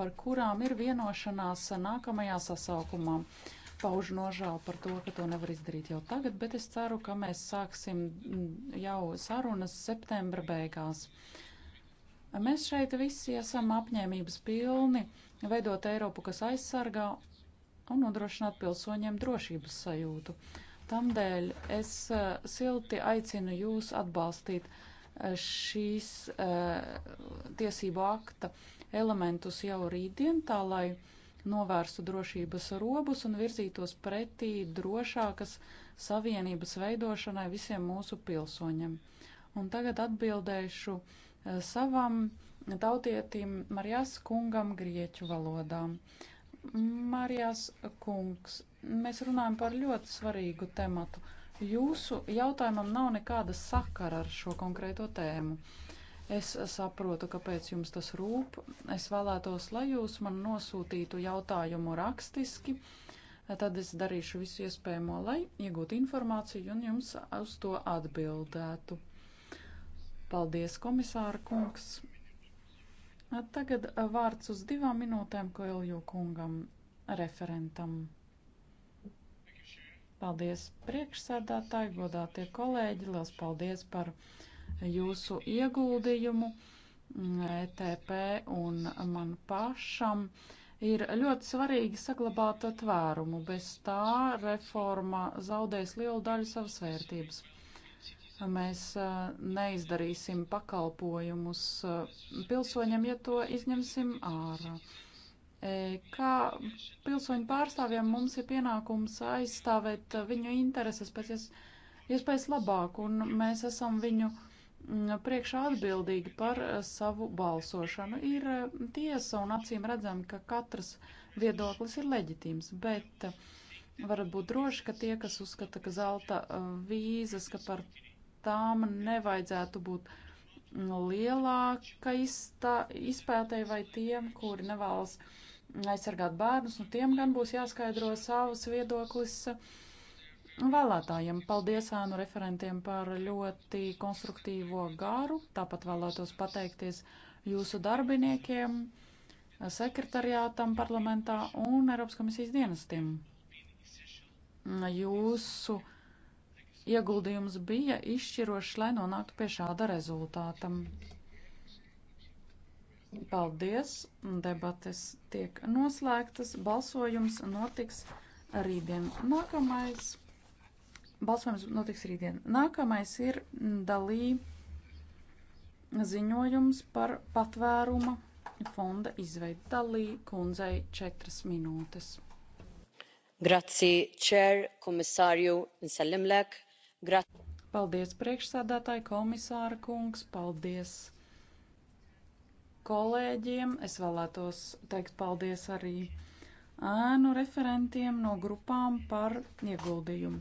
par kurām ir vienošanās nākamajā sasaukumā. Pauž nožēlu par to, ka to nevar izdarīt jau tagad, bet es ceru, ka mēs sāksim jau sarunas septembra beigās. Mēs šeit visi esam apņēmības pilni veidot Eiropu, kas aizsargā un nodrošināt pilsoņiem drošības sajūtu. Tamdēļ es eh, silti aicinu jūs atbalstīt eh, šīs eh, tiesību akta uh, elementus jau rītdien, tā lai novērstu drošības robus un virzītos pretī drošākas savienības veidošanai visiem mūsu pilsoņiem. Un tagad atbildēšu eh, savam tautietim Marijas kungam grieķu valodā. Marijas kungs, mēs runājam par ļoti svarīgu tematu. Jūsu jautājumam nav nekāda sakara ar šo konkrēto tēmu. Uh, Es saprotu, kāpēc jums tas rūp. Es vēlētos, lai jūs man nosūtītu jautājumu rakstiski. Tad es darīšu visu iespējamo, lai iegūtu informāciju un jums uz to atbildētu. Paldies, komisāra kungs! Tagad vārds uz divām minūtēm Koelju kungam, referentam. Paldies priekšsēdātāji, godātie kolēģi, liels paldies par! jūsu ieguldījumu. Mm, ETP un man pašam ir ļoti svarīgi saglabāt tvērumu. Bez tā reforma zaudēs lielu daļu savas vērtības. Mēs e, neizdarīsim pakalpojumus e, pilsoņiem, ja to izņemsim ārā. E, kā pilsoņu pārstāvjiem mums ir pienākums aizstāvēt viņu intereses pēc iespējas labāk, un mēs esam viņu uh, Mm, priekšā atbildīgi par eh, savu balsošanu. Ir eh, tiesa un acīm redzami, ka katras viedoklis ir leģitīms, bet eh, varat būt droši, ka tie, kas uzskata, ka zelta vīzas, ka par tām nevajadzētu būt mm, lielāka izpētēji vai tiem, kuri nevēlas mm, aizsargāt bērnus, un nu, tiem gan būs jāskaidro savs viedoklis uh, vēlētājiem. Paldies ēnu referentiem par ļoti konstruktīvo garu. Tāpat vēlētos pateikties jūsu darbiniekiem, sekretariātam parlamentā un Eiropas komisijas dienestiem. Jūsu ieguldījums bija izšķirošs, lai nonāktu pie šāda rezultāta. Paldies! Debates tiek noslēgtas, balsojums notiks rītdien. Nākamais Balsojums notiks rītdien. Nākamais ir dalī ziņojums par patvēruma fonda izveidu. Dalī kundzei četras minūtes. Grazie, Chair, komisārju, Nsellimlek. Grat paldies, priekšsādātāji, komisāra kungs, paldies kolēģiem. Es vēlētos teikt paldies arī ēnu referentiem no grupām par ieguldījumu.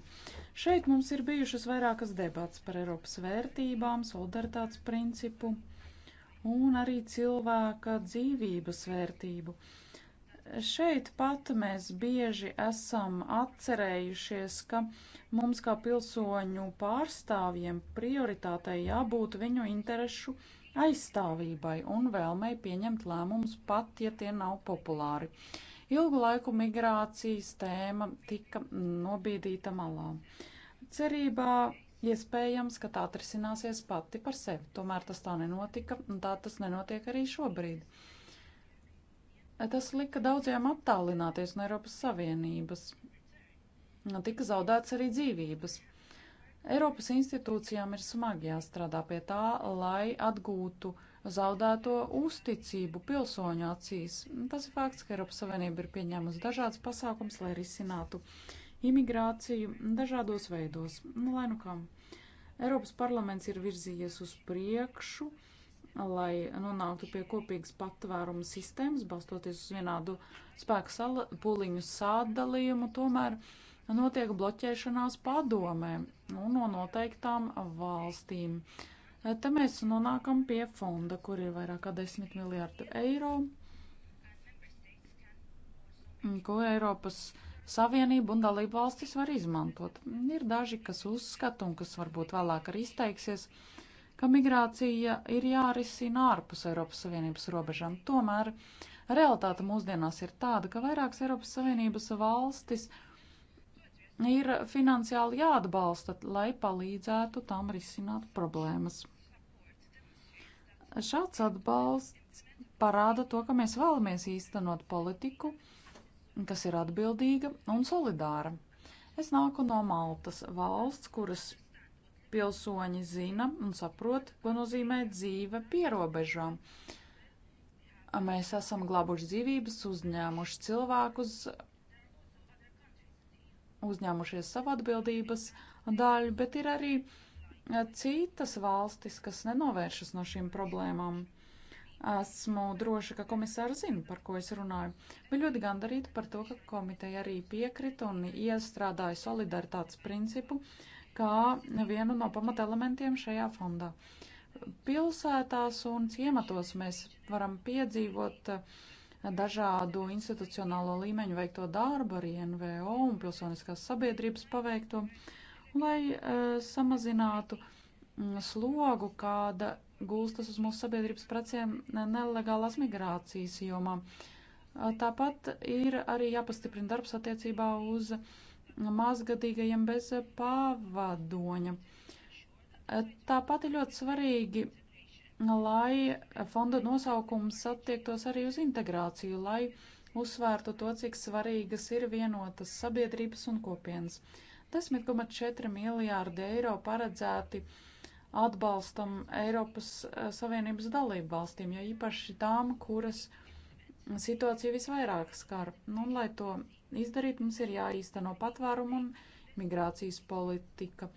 Šeit mums ir bijušas vairākas debats par Eiropas vērtībām, solidaritātes principu un arī cilvēka dzīvības vērtību. Šeit pat mēs bieži esam atcerējušies, ka mums kā pilsoņu pārstāvjiem prioritātei jābūt viņu interesu aizstāvībai un vēlmei pieņemt lēmumus pat, ja tie nav populāri. Ilgu laiku migrācijas tēma tika nobīdīta malā. Cerībā iespējams, ka tā atrisināsies pati par sevi. Tomēr tas tā nenotika, un tā tas nenotiek arī šobrīd. Tas lika daudziem attālināties no Eiropas Savienības. Tika zaudēts arī dzīvības. Eiropas institūcijām ir smagi jāstrādā pie tā, lai atgūtu uh, zaudēto uzticību pilsoņu acīs. Tas ir fakts, ka Eiropas Savienība ir pieņēmusi dažādas pasākums, lai risinātu imigrāciju dažādos veidos. Nu, lai nu kam. Eiropas parlaments ir virzījies uz priekšu, lai nonāktu pie kopīgas patvēruma sistēmas, balstoties uz vienādu spēku sala, pūliņu sādalījumu, tomēr notiek bloķēšanās padomē un no noteiktām valstīm. Uh, Eh, te mēs nonākam pie fonda, kur ir vairāk kā 10 miljārdu eiro, ko Eiropas Savienība un dalību valstis var izmantot. Ir daži, kas uzskata un kas varbūt vēlāk arī izteiksies, ka migrācija ir jārisina ārpus Eiropas Savienības robežām. Tomēr realitāte mūsdienās ir tāda, ka vairākas Eiropas Savienības valstis uh, ir finansiāli jāatbalsta, lai palīdzētu tam risināt problēmas. Šāds atbalsts parāda to, ka mēs vēlamies īstenot politiku, kas ir atbildīga un solidāra. Es nāku no Maltas valsts, kuras pilsoņi zina un saprot, ko nozīmē dzīve pierobežām. Mēs esam glābuši dzīvības, uzņēmuši cilvēkus, uzņēmušies savu atbildības daļu, bet ir arī eh, citas valstis, kas nenovēršas no šīm problēmām. Esmu droša, ka komisārs zina, par ko es runāju. Bija ļoti gandarīta par to, ka komiteja arī piekrita un iestrādāja solidaritātes principu kā vienu no pamatelementiem šajā fondā. Pilsētās un ciematos mēs varam piedzīvot uh, dažādu institucionālo līmeņu veikto darbu, arī NVO un pilsoniskās sabiedrības paveikto, lai e, samazinātu slogu, kāda gulstas uz mūsu sabiedrības preciem e, nelegālās migrācijas jomā. E, tāpat ir arī jāpastiprina darbs attiecībā uz mazgadīgajiem bez pavadoņa. Tāpat ir ļoti svarīgi lai fonda nosaukums attiektos arī uz integrāciju, lai uzsvērtu to, cik svarīgas ir vienotas sabiedrības un kopienas. 10,4 miljārdi eiro paredzēti atbalstam Eiropas eh, Savienības dalību valstīm, jo īpaši tām, kuras situācija visvairāk skar. Nu, un, lai to izdarītu, mums ir jāīsteno patvērumu un migrācijas politika.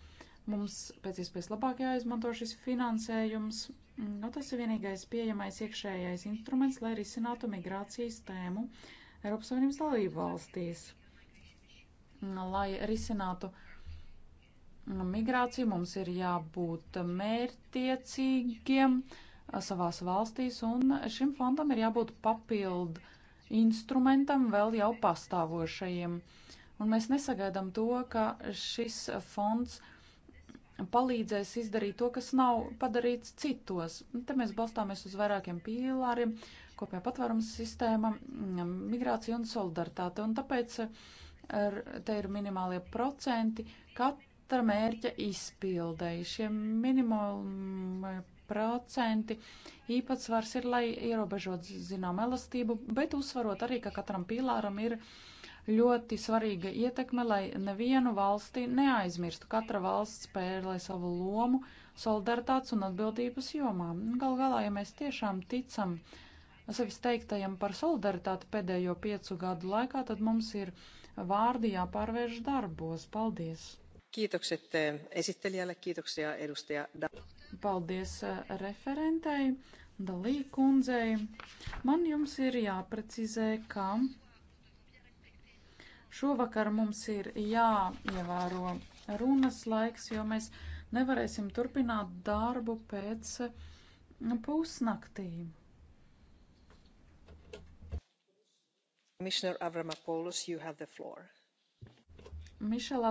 Mums pēc iespējas labāk jāizmanto šis finansējums Mm, nu, tas ir vienīgais pieejamais iekšējais instruments, lai risinātu migrācijas tēmu Eiropas Savienības dalību valstīs. Mm, lai risinātu mm, migrāciju, mums ir jābūt mērtiecīgiem savās valstīs, un šim fondam ir jābūt papildu instrumentam vēl jau pastāvošajiem. Un mēs nesagaidām to, ka šis fonds palīdzēs izdarīt to, kas nav padarīts citos. Te mēs balstāmies uz vairākiem pīlāriem, kopējā patvērums sistēma, mm, migrācija un solidaritāte. Un tāpēc eh, ar, te ir minimālie procenti katra mērķa izpildēji. Šie minimāli procenti īpatsvars ir, lai ierobežot zinām elastību, bet uzsvarot arī, ka katram pīlāram ir uh, ļoti svarīga ietekme, lai nevienu valsti neaizmirstu. Katra valsts spēlē savu lomu solidaritātes un atbildības jomā. Gal galā, ja mēs tiešām ticam sevis teiktajam par solidaritāti pēdējo piecu gadu laikā, tad mums ir vārdi jāpārvērš darbos. Paldies! Kiitokset eh, esittelijälle, kiitoksia edustaja. Paldies eh, referentei, Dalī kundzei. Man jums ir jāprecizē, ka Šovakar mums ir jāievēro runas laiks, jo mēs nevarēsim turpināt darbu pēc mm, pusnaktīm. Mišela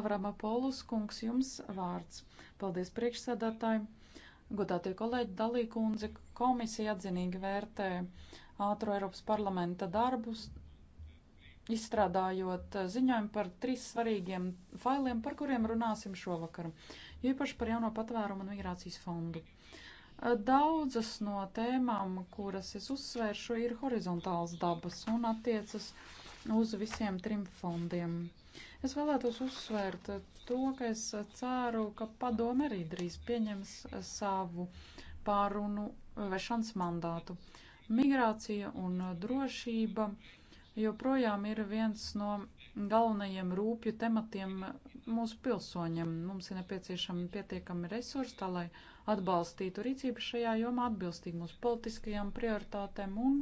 Avramopoulos, kungs, jums vārds. Paldies priekšsēdētājiem. Godātie kolēģi, dalīkundze, komisija atzinīgi vērtē ātro Eiropas parlamenta darbus izstrādājot eh, ziņojumu par trīs svarīgiem failiem, par kuriem runāsim šovakar, jo īpaši par jauno patvērumu un migrācijas fondu. Eh, daudzas no tēmām, kuras es uzsvēršu, ir horizontāls dabas un attiecas uz visiem trim fondiem. Es vēlētos uzsvērt eh, to, ka es ceru, ka padome arī drīz pieņems savu pārunu vešanas mandātu. Migrācija un drošība uh, joprojām ir viens no galvenajiem rūpju tematiem mūsu pilsoņiem. Mums ir nepieciešami pietiekami resursi, tā lai atbalstītu rīcību šajā jomā atbilstīgi mūsu politiskajām prioritātēm un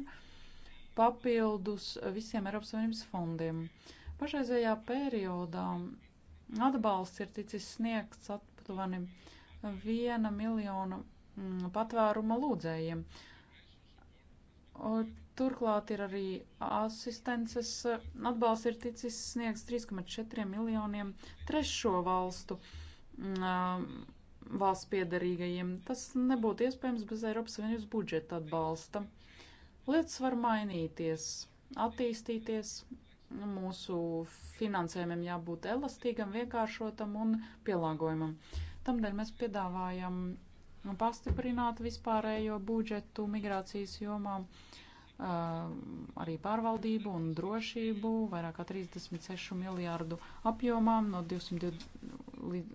papildus visiem Eiropas Savienības fondiem. Pašreizējā periodā atbalsts ir ticis sniegts aptuveni viena miljona mm, patvērumu lūdzējiem. Turklāt ir arī asistences atbalsts ir ticis sniegts 3,4 miljoniem trešo valstu um, valsts piedarīgajiem. Tas nebūtu iespējams bez Eiropas Savienības budžeta atbalsta. Lietas var mainīties, attīstīties, mūsu finansējumam jābūt elastīgam, vienkāršotam un pielāgojumam. Tamdēļ mēs piedāvājam pastiprināt vispārējo budžetu migrācijas jomām. Uh, Um, arī pārvaldību un drošību vairāk kā 36 miljārdu apjomām no, 200,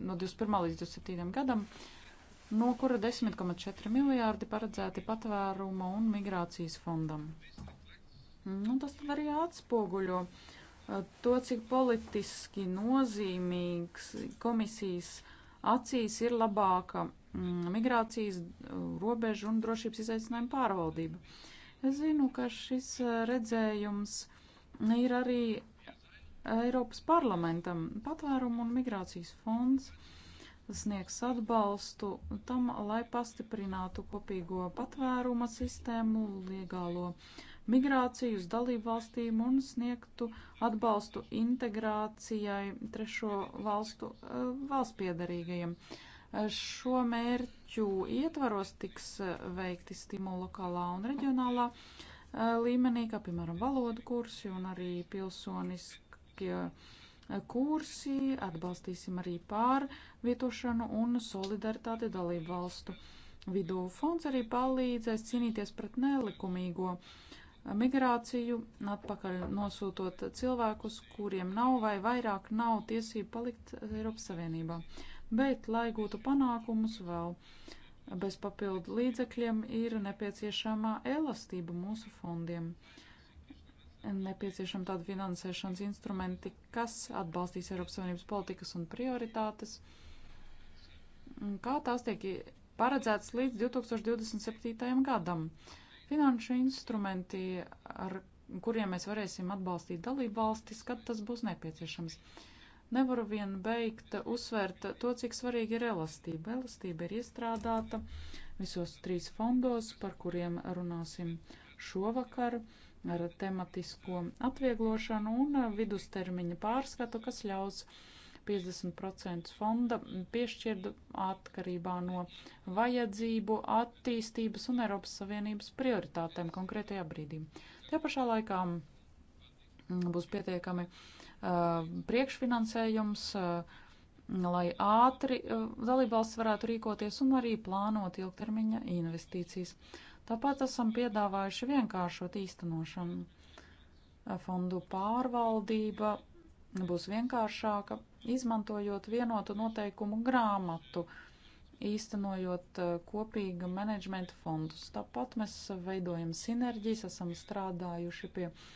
no 21. līdz 27. gadam, no kura 10,4 miljārdi paredzēti patvēruma un migrācijas fondam. Nu, tas tad arī atspoguļo uh, to, cik politiski nozīmīgs komisijas acīs ir labāka mm, migrācijas uh, robežu un drošības izaicinājumu pārvaldība. Uh, Es zinu, ka šis eh, redzējums ir arī Eiropas parlamentam. Patvērumu un migrācijas fonds sniegs atbalstu tam, lai pastiprinātu kopīgo patvēruma sistēmu, legālo migrāciju uz dalību valstīm un sniegtu atbalstu integrācijai trešo valstu eh, valstspiedarīgajiem. Šo mērķi mērķu ietvaros tiks eh, veikti stimulu lokālā un reģionālā eh, līmenī, kā piemēram valodu kursi un arī pilsoniskie eh, kursi, atbalstīsim arī pārvietošanu un solidaritāti dalību valstu vidū. Fonds arī palīdzēs cīnīties pret nelikumīgo migrāciju, atpakaļ nosūtot cilvēkus, kuriem nav vai vairāk nav tiesību palikt Eiropas Savienībā bet, lai gūtu panākumus vēl bez papildu līdzekļiem, ir nepieciešama elastība mūsu fondiem nepieciešami tādi finansēšanas instrumenti, kas atbalstīs Eiropas Savienības politikas un prioritātes. Kā tās tiek paredzētas līdz 2027. gadam? Finanšu instrumenti, ar kuriem mēs varēsim atbalstīt dalību valstis, kad tas būs nepieciešams. Nevaru vien beigt uzsvērt to, cik svarīga ir elastība. Elastība ir iestrādāta visos trīs fondos, par kuriem runāsim šovakar ar tematisko atvieglošanu un vidustermiņa pārskatu, kas ļaus 50% fonda piešķirdu atkarībā no vajadzību, attīstības un Eiropas Savienības prioritātēm konkrētajā brīdī. Tajā pašā laikā būs pietiekami uh, Um, priekšfinansējums, um, lai ātri um, dalībvalsts varētu rīkoties un arī plānot ilgtermiņa investīcijas. Tāpat esam piedāvājuši vienkāršot īstenošanu. Fondu pārvaldība būs vienkāršāka, izmantojot vienotu noteikumu grāmatu, īstenojot uh, kopīga menedžmenta fondus. Tāpat mēs veidojam sinerģijas, esam strādājuši pie uh,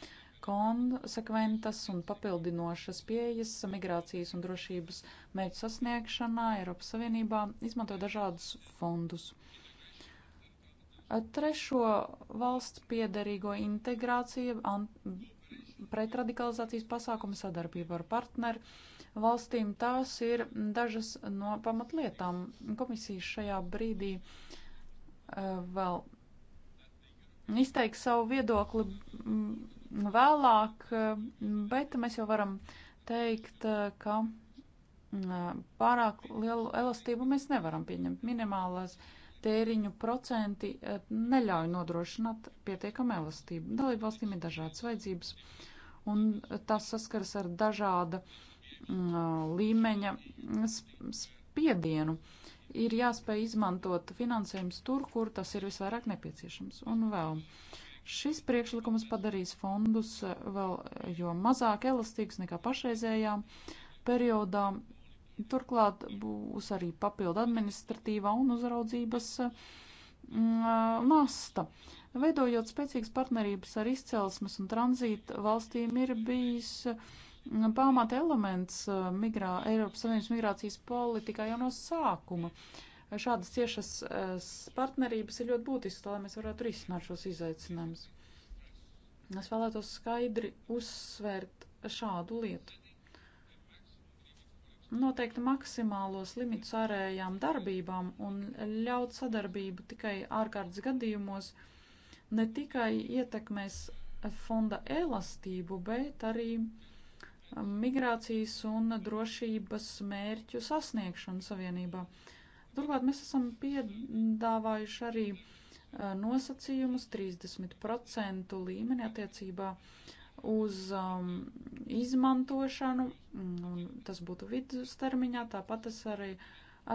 konsekventas un papildinošas pieejas migrācijas un drošības mērķu sasniegšanā Eiropas Savienībā, izmantojot dažādus fondus. Trešo valstu piederīgo integrācija, pretradikalizācijas pasākumi, sadarbība ar partneri valstīm, tās ir dažas no pamatlietām. Komisijas šajā brīdī eh, vēl izteiks savu viedokli vēlāk, bet mēs jau varam teikt, ka mm, pārāk lielu elastību mēs nevaram pieņemt. Minimālās tēriņu procenti eh, neļauj nodrošināt pietiekamu elastību. Dalību valstīm ir dažādas vajadzības, un tas saskaras ar dažāda mm, līmeņa spiedienu. Ir jāspēj izmantot finansējums tur, kur tas ir visvairāk nepieciešams. Un vēl. Uh, Šis priekšlikums padarīs fondus eh, vēl eh, jo mazāk elastīgus nekā pašreizējā periodā. Turklāt būs arī papildu administratīvā un uzraudzības eh, mm, nasta. Veidojot spēcīgas partnerības ar izcelsmes un tranzītu valstīm ir bijis mm, pamata elements migrā, Eiropas Savienības migrācijas politikā jau no sākuma. Uh, Šādas ciešas eh, partnerības ir ļoti būtiskas, lai mēs varētu risināt šos izaicinājumus. Es vēlētos skaidri uzsvērt šādu lietu. Noteikti maksimālos limitus ārējām darbībām un ļaut sadarbību tikai ārkārtas gadījumos ne tikai ietekmēs fonda elastību, bet arī eh, migrācijas un drošības mērķu sasniegšanu savienībā. Uh, Turklāt mēs esam piedāvājuši arī nosacījumus 30% līmeni attiecībā uz um, izmantošanu, un tas būtu vidustermiņā, tāpat es arī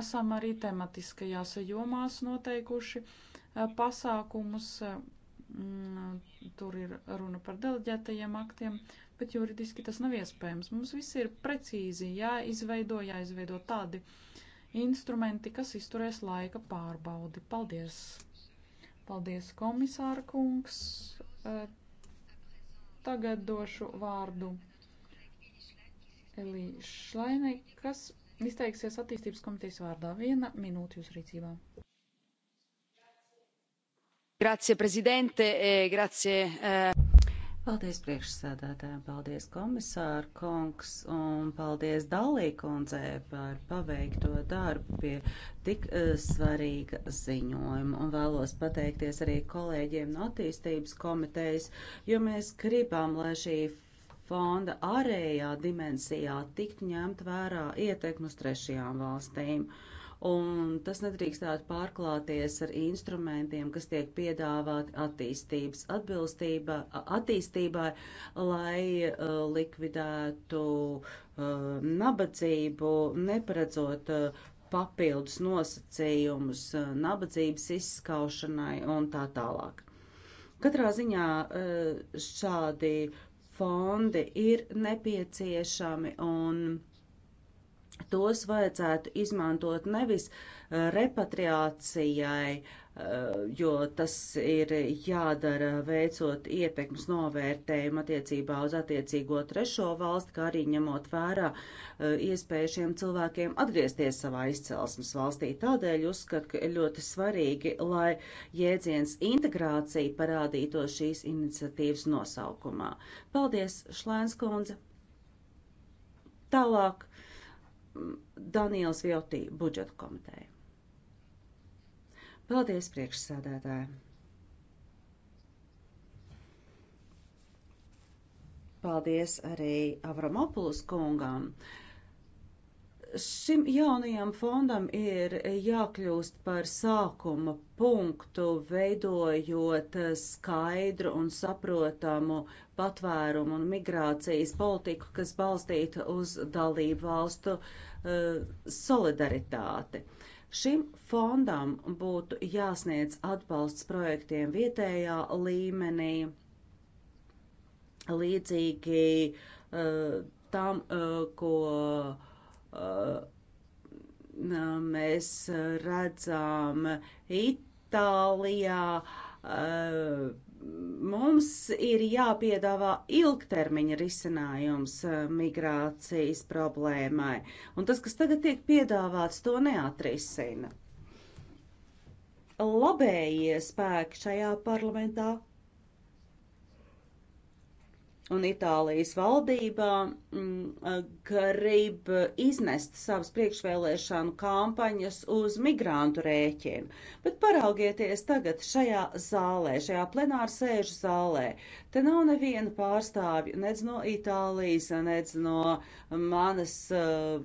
esam arī tematiskajās jomās noteikuši pasākumus, mm, tur ir runa par deleģētajiem aktiem, bet juridiski tas nav iespējams. Mums viss ir precīzi jāizveido, jāizveido tādi uh, instrumenti, kas izturēs laika pārbaudi. Paldies! Paldies, komisāra kungs! Eh, tagad došu vārdu Elī Šlainai, kas izteiksies attīstības komitejas vārdā. Viena minūte jūs rīcībā. Grazie, prezidente, e grazie. Uh... Paldies priekšsēdētājiem, paldies komisāru kungs un paldies Dalīkundzē par paveikto darbu pie tik uh, svarīga ziņojuma. Un vēlos pateikties arī kolēģiem no attīstības komitejas, jo mēs gribam, lai šī fonda ārējā dimensijā tiktu ņemt vērā ietekmus trešajām valstīm. Uh, un tas nedrīkstētu pārklāties ar instrumentiem, kas tiek piedāvāti attīstības atbilstība, attīstībai, lai uh, likvidētu uh, nabadzību, neparedzot uh, papildus nosacījumus uh, nabadzības izskaušanai un tā tālāk. Katrā ziņā uh, šādi fondi ir nepieciešami un tos vajadzētu izmantot nevis uh, repatriācijai, uh, jo tas ir jādara veicot ietekmes novērtējumu attiecībā uz attiecīgo trešo valstu, kā arī ņemot vērā uh, iespēju šiem cilvēkiem atgriezties savā izcelsmes valstī. Tādēļ uzskat, ka ir ļoti svarīgi, lai jēdziens integrācija parādītos šīs iniciatīvas nosaukumā. Paldies, Šlēnskundze! Tālāk Daniels Vioti budžeta komiteja. Paldies, priekšsādātāji! Paldies arī Avramopulus kungam. Uh, Šim jaunajam fondam ir jākļūst par sākuma punktu, veidojot skaidru un saprotamu patvērumu un migrācijas politiku, kas balstīta uz dalību valstu uh, solidaritāti. Šim fondam būtu jāsniedz atbalsts projektiem vietējā līmenī, līdzīgi uh, tam, uh, ko Uh, mēs redzam Itālijā. Uh, mums ir jāpiedāvā ilgtermiņa risinājums uh, migrācijas problēmai, un tas, kas tagad tiek piedāvāts, to neatrisina. Labējie spēki šajā parlamentā un Itālijas valdībā mm, grib iznest savas priekšvēlēšanu kampaņas uz migrantu rēķinu. Bet paraugieties tagad šajā zālē, šajā plenāra sēžu zālē. Te nav neviena pārstāvja, nec no Itālijas, nec no manas uh,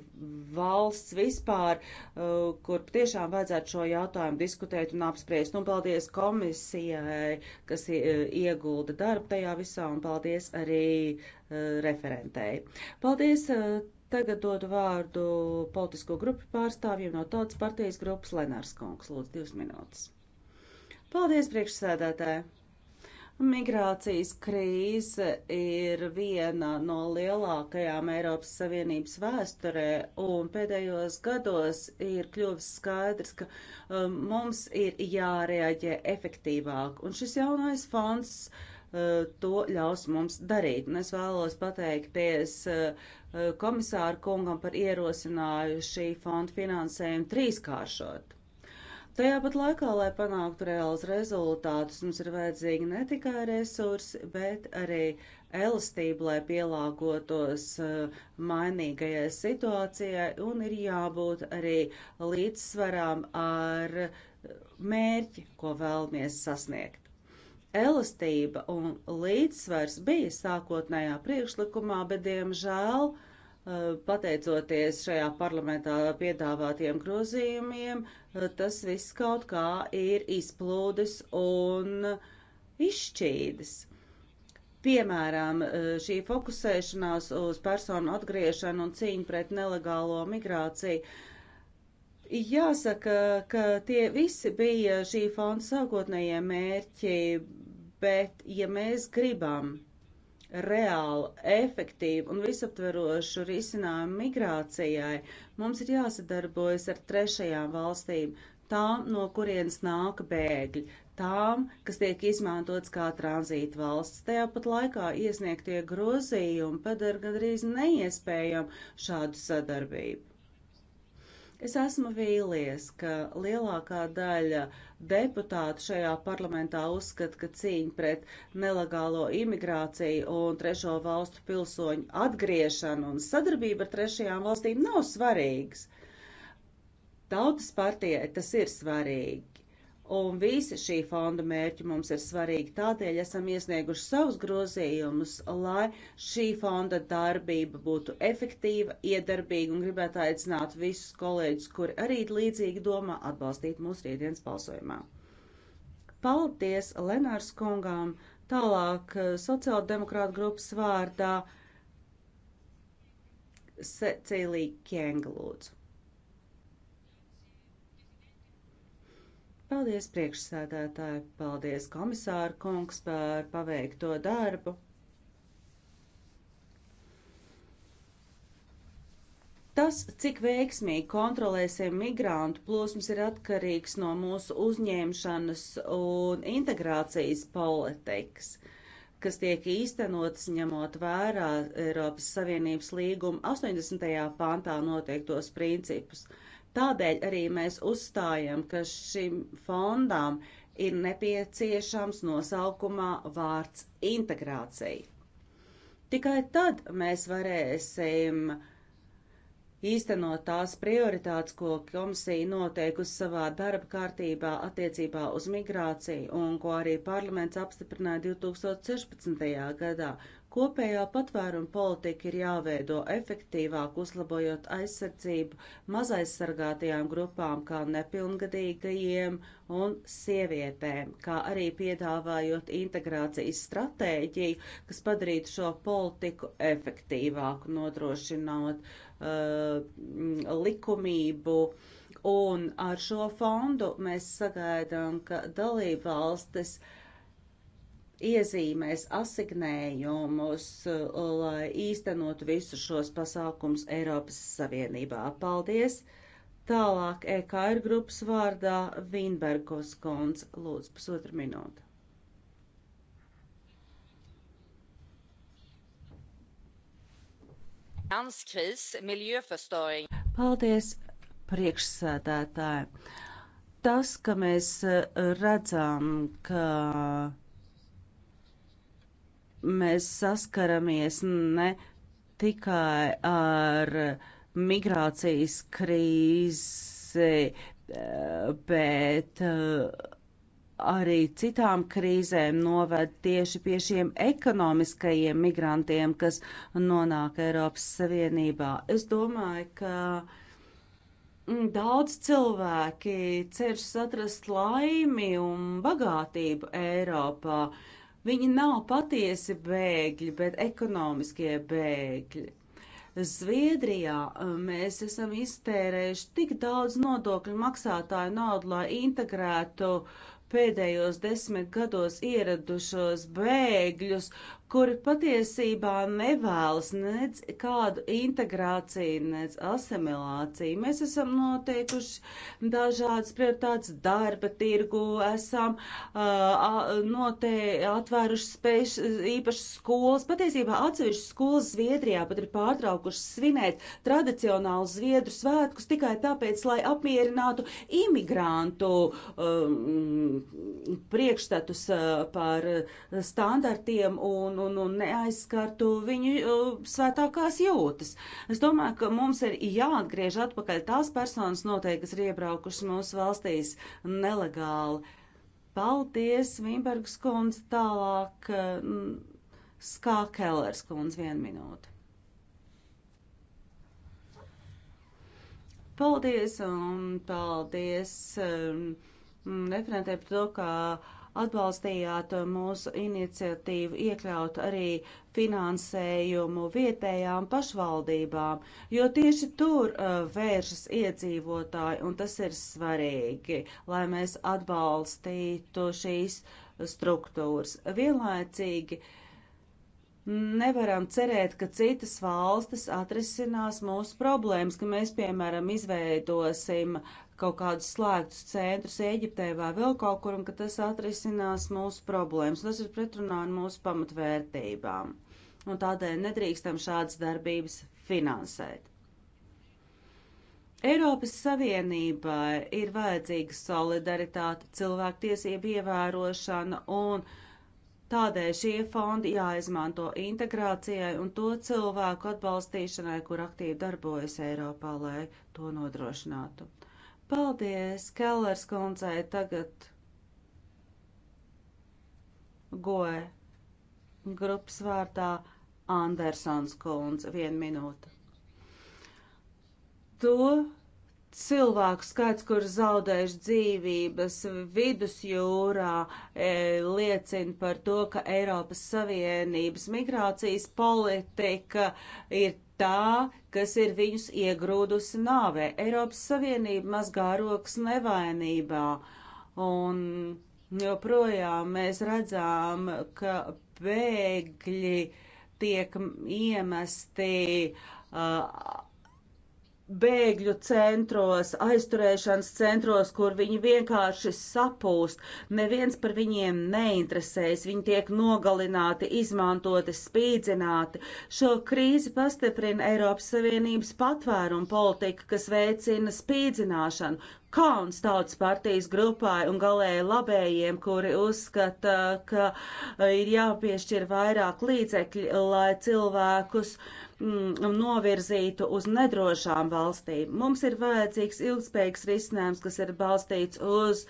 valsts vispār, uh, kur tiešām vajadzētu šo jautājumu diskutēt un apspriest. Un nu, paldies komisijai, kas uh, iegulda darbu tajā visā, un paldies arī arī uh, referentei. Paldies! Uh, tagad dodu vārdu politisko grupu pārstāvjiem no Tautas partijas grupas Lenārs Kungs. Lūdzu, divas minūtes. Paldies, priekšsēdētāji! Migrācijas krīze ir viena no lielākajām Eiropas Savienības vēsturē, un pēdējos gados ir kļuvis skaidrs, ka um, mums ir jārēģē efektīvāk. Un šis jaunais fonds uh, to ļaus mums darīt. Un es vēlos pateikties eh, komisāru kungam par ierosināju šī fonda finansējumu trīskāršot. Tajā pat laikā, lai panāktu reāls rezultātus, mums ir vajadzīgi ne tikai resursi, bet arī elastība, lai pielāgotos eh, mainīgajai situācijai, un ir jābūt arī līdzsvarām ar eh, mērķi, ko vēlamies sasniegt elastība un līdzsvars bija sākotnējā priekšlikumā, bet, diemžēl, eh, pateicoties šajā parlamentā piedāvātiem grozījumiem, eh, tas viss kaut kā ir izplūdis un izšķīdis. Piemēram, eh, šī fokusēšanās uz personu atgriešanu un cīņu pret nelegālo migrāciju. Jāsaka, ka tie visi bija šī fonda sākotnējie mērķi, bet ja mēs gribam reālu, efektīvu un visaptverošu risinājumu migrācijai, mums ir jāsadarbojas ar trešajām valstīm, tām, no kurienes nāk bēgļi, tām, kas tiek izmantotas kā tranzīta valsts. Tajā pat laikā iesniegtie grozījumi padara gandrīz neiespējam šādu sadarbību. Es esmu vīlies, ka lielākā daļa deputātu šajā parlamentā uzskata, ka cīņa pret nelegālo imigrāciju un trešo valstu pilsoņu atgriešanu un sadarbība ar trešajām valstīm nav svarīgs. Tautas partijai tas ir svarīgi. Un visi šī fonda mērķi mums ir svarīgi, tādēļ esam iesnieguši savus grozījumus, lai šī fonda darbība būtu efektīva, iedarbīga un gribētu aicināt visus kolēģus, kuri arī līdzīgi domā, atbalstīt mūsu rītdienas balsojumā. Paldies Lenārs kungām, tālāk eh, sociāldemokrāta grupas vārdā Cecīlija Kienglūdzu. Paldies, priekšsēdētāji, paldies, komisāra kungs, par paveikto darbu. Tas, cik veiksmīgi kontrolēsim migrantu plūsmas, ir atkarīgs no mūsu uzņemšanas un integrācijas politikas, kas tiek īstenotas ņemot vērā Eiropas Savienības līguma 80. pantā noteiktos principus. Tādēļ arī mēs uzstājam, ka šim fondām ir nepieciešams nosaukumā vārds integrācija. Tikai tad mēs varēsim īstenot tās prioritātes, ko komisija noteikusi savā darba kārtībā attiecībā uz migrāciju un ko arī parlaments apstiprināja 2016. gadā. Kopējā patvēruma politika ir jāveido efektīvāk, uzlabojot aizsardzību mazaizsargātajām grupām, kā nepilngadīgajiem un sievietēm, kā arī piedāvājot integrācijas stratēģiju, kas padarītu šo politiku efektīvāku, nodrošinot uh, likumību uh, Un ar šo fondu mēs sagaidām, ka dalībvalstis uh, iezīmēs asignējumus, uh, lai īstenot visus šos pasākums Eiropas Savienībā. Paldies! Tālāk EKR grupas vārdā Vīnbergos konts lūdzu pusotru minūtu. Paldies, priekšsēdētāji. Tas, ka mēs uh, redzam, ka mēs saskaramies ne tikai ar migrācijas krīzi, bet eh, arī citām krīzēm noved tieši pie šiem ekonomiskajiem migrantiem, kas nonāk Eiropas Savienībā. Es domāju, ka mm, daudz cilvēki ceršas atrast laimi un bagātību Eiropā. Uh, Viņi nav patiesi bēgļi, bet ekonomiskie bēgļi. Zviedrijā uh, mēs esam iztērējuši tik daudz nodokļu maksātāju naudu, lai integrētu pēdējos desmit gados ieradušos bēgļus, kuri patiesībā nevēlas nedz kādu integrāciju, nedz asimilāciju. Mēs esam noteikuši dažādas prioritātes darba tirgu, esam uh, note, atvēruši spēš, īpašas skolas. Patiesībā atsevišķas skolas Zviedrijā pat ir pārtraukušas svinēt tradicionālu Zviedru svētkus tikai tāpēc, lai apmierinātu imigrantu um, priekšstatus uh, par standartiem un un, un, un neaizskartu viņu uh, svētākās jūtas. Es domāju, ka mums ir jāatgriež atpakaļ tās personas noteikti, kas ir iebraukušas mūsu valstīs nelegāli. Paldies, Vimbergs kundze, tālāk uh, Skā Kellers kundze, vienu minūti. Paldies un paldies um, referentē par to, ka uh, atbalstījāt mūsu iniciatīvu iekļaut arī finansējumu vietējām pašvaldībām, jo tieši tur uh, vēršas iedzīvotāji, un tas ir svarīgi, lai mēs atbalstītu šīs struktūras. Vienlaicīgi nevaram cerēt, ka citas valstis atrisinās mūsu problēmas, ka mēs, piemēram, izveidosim uh, kaut kādus slēgtus centrus Eģiptē vai vēl kaut kur, un ka tas atrisinās mūsu problēmas. Tas ir pretrunā ar mūsu pamatvērtībām, un tādēļ nedrīkstam šādas darbības finansēt. Eiropas Savienībai ir vajadzīga solidaritāte, cilvēktiesība ievērošana un tādēļ šie fondi jāizmanto integrācijai un to cilvēku atbalstīšanai, kur aktīvi darbojas Eiropā, lai to nodrošinātu. Paldies, Kellers kundzei, tagad goe grupas vārtā Andersons kundze, viena minūte. To cilvēku skaits, kur zaudējuši dzīvības vidusjūrā, e, liecina par to, ka Eiropas Savienības migrācijas politika ir tā, kas ir viņus iegrūdusi nāvē. Eiropas Savienība mazgā rokas nevainībā, un joprojām mēs redzām, ka bēgļi tiek iemesti uh, bēgļu centros, aizturēšanas centros, kur viņi vienkārši sapūst. Neviens par viņiem neinteresējas, viņi tiek nogalināti, izmantoti, spīdzināti. Šo krīzi pastiprina Eiropas Savienības patvērumu politika, kas veicina spīdzināšanu. Kauns tautas partijas grupai un galēji labējiem, kuri uzskata, ka ir jāpiešķir vairāk līdzekļi, lai cilvēkus uh, Mm, novirzītu uz nedrošām valstīm. Mums ir vajadzīgs ilgspējīgs risinājums, kas ir balstīts uz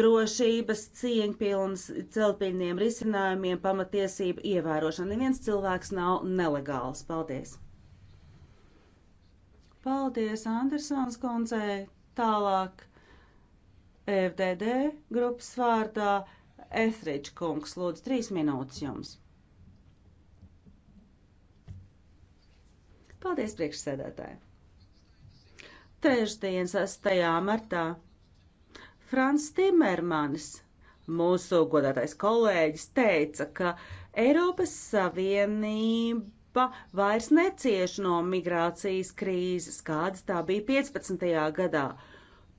drošības, cieņpilnas, celtpilniem risinājumiem, pamatiesību ievērošanu. Neviens cilvēks nav nelegāls. Paldies! Paldies, Andersons kundzei! Tālāk FDD grupas vārdā Ethridge kungs lūdzu trīs minūtes jums. Paldies, priekšsēdētāji! Trešdien, 6. martā, Frans Timermanis, mūsu godātais kolēģis, teica, ka Eiropas Savienība Eiropa vairs necieš no migrācijas krīzes, kādas tā bija 15. gadā.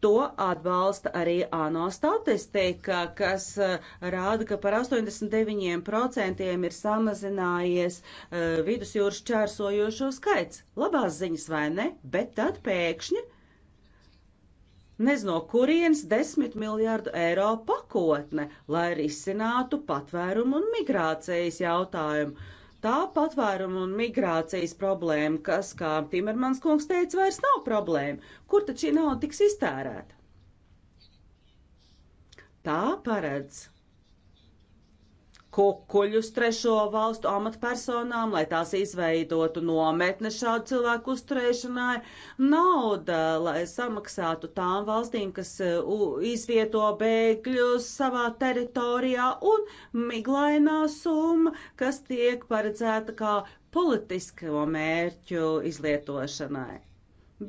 To atbalsta arī ANO statistika, kas uh, rāda, ka par 89% ir samazinājies uh, vidusjūras čērsojošo skaits. Labās ziņas vai ne, bet tad pēkšņi nezinu, no kurienes desmit miljārdu eiro pakotne, lai risinātu patvērumu un migrācijas jautājumu tā patvēruma un migrācijas problēma, kas, kā Timermans kungs teica, vairs nav problēma. Kur tad šī nauda tiks iztērēta? Tā paredz kukuļus trešo valstu amatpersonām, lai tās izveidotu nometne šādu cilvēku uzturēšanai, nauda, lai samaksātu tām valstīm, kas uh, izvieto bēgļus savā teritorijā, un miglainā summa, kas tiek paredzēta kā politisko mērķu izlietošanai.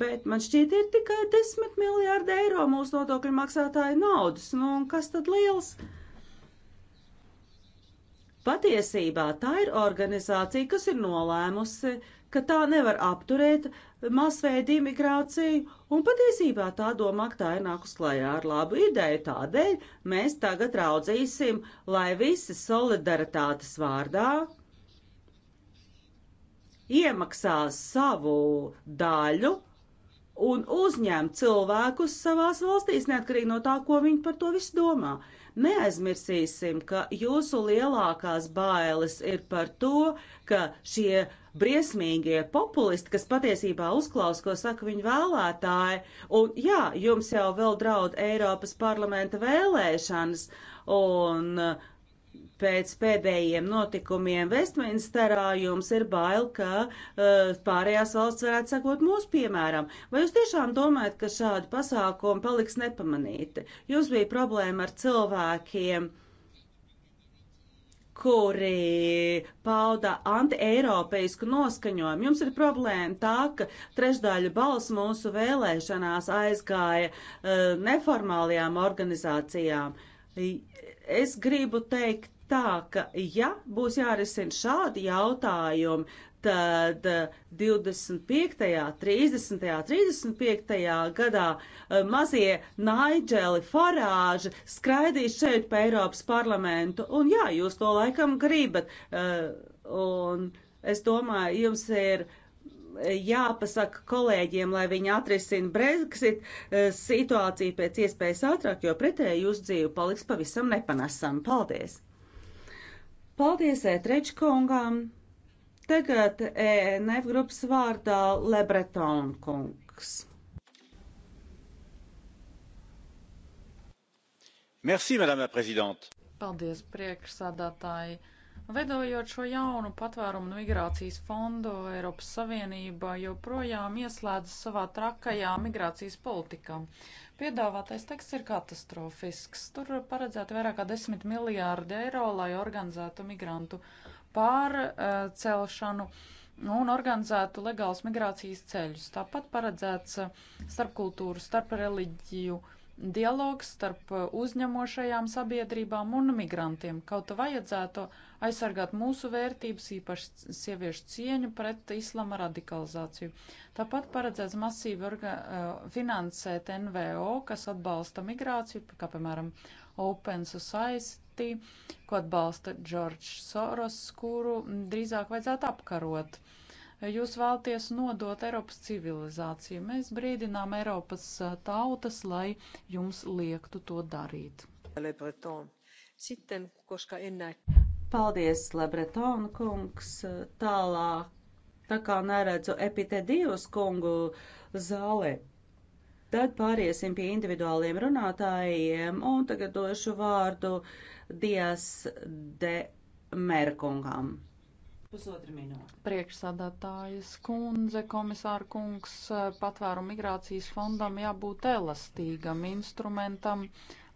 Bet man šķiet, ir tikai 10 miljārdi eiro mūsu nodokļu maksātāju naudas, nu un kas tad liels? Uh, Patiesībā tā ir organizācija, kas ir nolēmusi, ka tā nevar apturēt masveidu imigrāciju, un patiesībā tā domā, ka tā ir nākus klajā ar labu ideju. Tādēļ mēs tagad raudzīsim, lai visi solidaritātes vārdā iemaksās savu daļu un uzņem cilvēkus savās valstīs, neatkarīgi no tā, ko viņi par to visu domā. Neaizmirsīsim, ka jūsu lielākās bailes ir par to, ka šie briesmīgie populisti, kas patiesībā uzklaus, ko saka viņu vēlētāji, un jā, jums jau vēl draud Eiropas parlamenta vēlēšanas, un uh, Pēc pēdējiem notikumiem Vestminsterā jums ir bail, ka uh, pārējās valsts varētu sakot mūsu piemēram. Vai jūs tiešām domājat, ka šādi pasākumi paliks nepamanīti? Jums bija problēma ar cilvēkiem kuri pauda antieiropeisku noskaņojumu. Jums ir problēma tā, ka trešdaļa balss mūsu vēlēšanās aizgāja uh, neformālajām organizācijām. Es gribu teikt tā, ka ja būs jārisina šādi jautājumi, tad 25., 30., 35. gadā eh, mazie Naidželi Farāži skraidīs šeit pa Eiropas parlamentu, un jā, jūs to laikam gribat, eh, un es domāju, jums ir jāpasaka kolēģiem, lai viņi atrisina Brexit eh, situāciju pēc iespējas ātrāk, jo pretēji jūsu dzīve paliks pavisam nepanesama. Paldies! Paldies Etrečkungam. Tagad ENF grupas vārdā Lebreton kungs. Merci, madame la présidente. Paldies, priekšsādātāji. Vedojot šo jaunu patvērumu migrācijas fondu, Eiropas Savienība joprojām ieslēdz savā trakajā migrācijas politikā. Piedāvātais teksts ir katastrofisks. Tur paredzēti vairāk kā 10 miljārdi eiro, lai organizētu migrantu pārcelšanu un organizētu legālas migrācijas ceļus. Tāpat paredzēts starpkultūru, starpreliģiju dialogs starp uzņemošajām sabiedrībām un migrantiem. Kaut vajadzētu aizsargāt mūsu vērtības, īpaši sieviešu cieņu pret islama radikalizāciju. Tāpat paredzēts masīvi orga, eh, finansēt NVO, kas atbalsta migrāciju, kā piemēram Open Society, ko atbalsta George Soros, kuru drīzāk vajadzētu apkarot. Jūs vēlties nodot Eiropas civilizāciju. Mēs brīdinām Eiropas eh, tautas, lai jums liektu to darīt. Le Breton sitten koska en näe Paldies, Lebretona kungs. Tālāk, tā kā neredzu epitēdijos kungu zālē. Tad pāriesim pie individuāliem runātājiem, un tagad došu vārdu Dias de Merkungam. Pusotra minūte. Priekšsādātājas kundze, komisāra kungs, patvēru migrācijas fondam jābūt elastīgam instrumentam